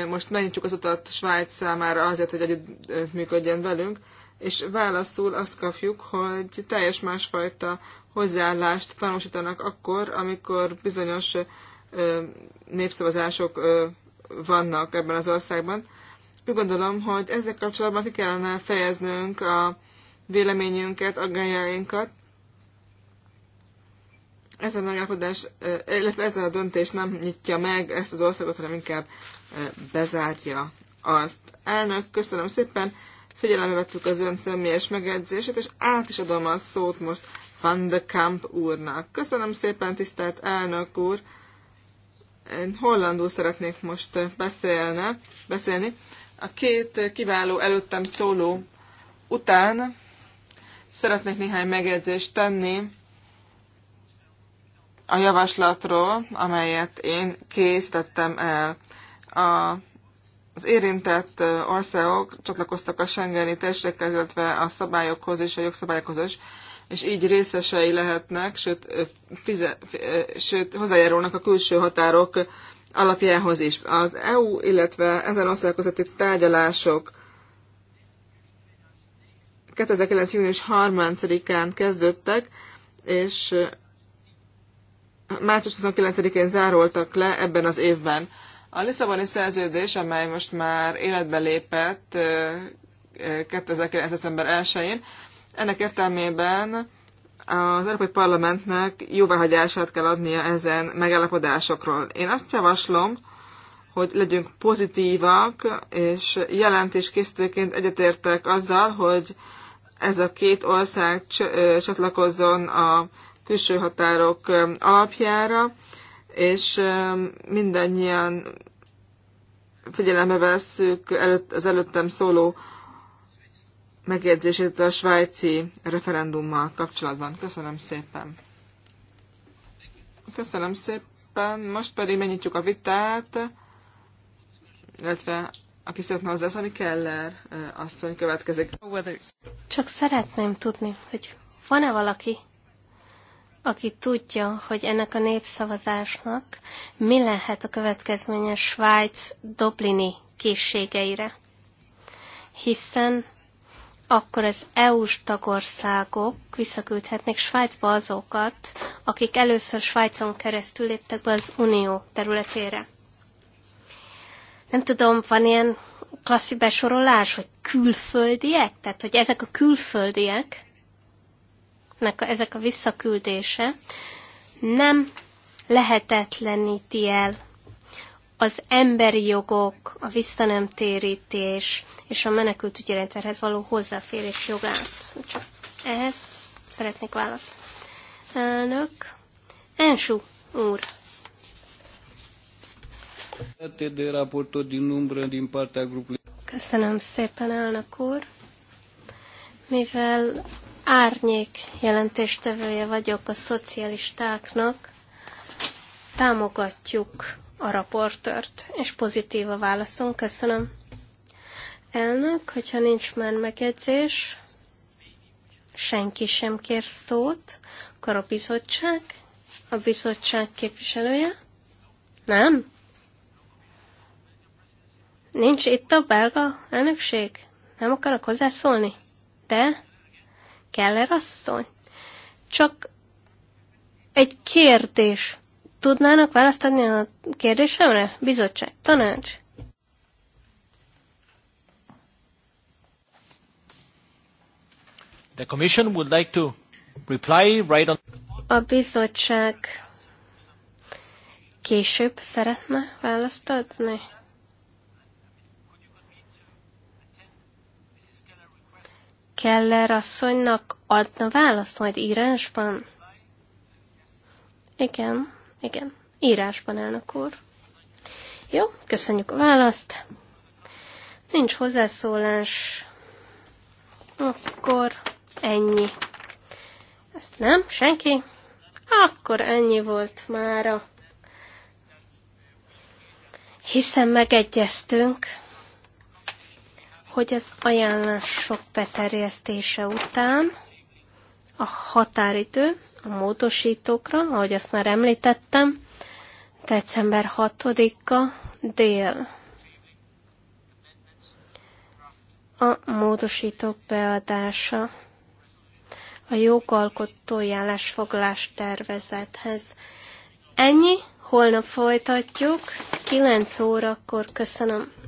most megnyitjuk az utat Svájc számára azért, hogy együtt működjön velünk, és válaszul azt kapjuk, hogy teljes másfajta hozzáállást tanúsítanak akkor, amikor bizonyos népszavazások vannak ebben az országban. Úgy gondolom, hogy ezzel kapcsolatban ki kellene fejeznünk a véleményünket, aggájainkat. Ez a megállapodás, illetve ez a döntés nem nyitja meg ezt az országot, hanem inkább bezárja azt. Elnök, köszönöm szépen, figyelembe vettük az ön személyes megjegyzését, és át is adom a szót most Van de Kamp úrnak. Köszönöm szépen, tisztelt elnök úr! Én hollandul szeretnék most beszélne, beszélni. A két kiváló előttem szóló után szeretnék néhány megjegyzést tenni a javaslatról, amelyet én készítettem el. A, az érintett országok csatlakoztak a Schengeni térséghez, illetve a szabályokhoz és a jogszabályokhoz is, és így részesei lehetnek, sőt, fize, sőt hozzájárulnak a külső határok alapjához is. Az EU, illetve ezen országok közötti tárgyalások 2009. június 30-án kezdődtek, és március 29-én zárultak le ebben az évben. A Lisszaboni szerződés, amely most már életbe lépett 2009. december 1-én, ennek értelmében az Európai Parlamentnek jóváhagyását kell adnia ezen megállapodásokról. Én azt javaslom, hogy legyünk pozitívak, és jelentéskészítőként egyetértek azzal, hogy ez a két ország csatlakozzon a külső határok alapjára, és mindannyian figyelembe veszük előtt, az előttem szóló megjegyzését a svájci referendummal kapcsolatban. Köszönöm szépen. Köszönöm szépen. Most pedig megnyitjuk a vitát, illetve aki szeretne hozzászólni, Keller eh, asszony következik. Csak szeretném tudni, hogy van-e valaki, aki tudja, hogy ennek a népszavazásnak mi lehet a következménye Svájc Dublini készségeire. Hiszen akkor az EU-s tagországok visszaküldhetnék Svájcba azokat, akik először Svájcon keresztül léptek be az Unió területére. Nem tudom, van ilyen klasszi besorolás, hogy külföldiek? Tehát, hogy ezek a külföldiek, nek a, ezek a visszaküldése nem lehetetleníti el az emberi jogok, a visszanemtérítés és a menekültügyi rendszerhez való hozzáférés jogát. Csak ehhez szeretnék választ. Elnök, Ensu úr. Köszönöm szépen, elnök úr. Mivel árnyék jelentéstevője vagyok a szocialistáknak. Támogatjuk a raportört, és pozitív a válaszunk. Köszönöm. Elnök, hogyha nincs már megjegyzés, senki sem kér szót, akkor a bizottság, a bizottság képviselője? Nem? Nincs itt a belga elnökség? Nem akarok hozzászólni? De? Keller asszony? Csak egy kérdés. Tudnának választani a kérdésemre? Bizottság, tanács? The commission would like to reply right on... A bizottság később szeretne választ adni? Keller asszonynak adna választ majd írásban? Igen, igen, írásban, elnök úr. Jó, köszönjük a választ. Nincs hozzászólás. Akkor ennyi. Ezt nem? Senki? Akkor ennyi volt mára. Hiszen megegyeztünk hogy az ajánlások beterjesztése után a határidő a módosítókra, ahogy azt már említettem, december 6-a dél. A módosítók beadása a jogalkotói állásfoglás tervezethez. Ennyi, holnap folytatjuk, 9 órakor köszönöm.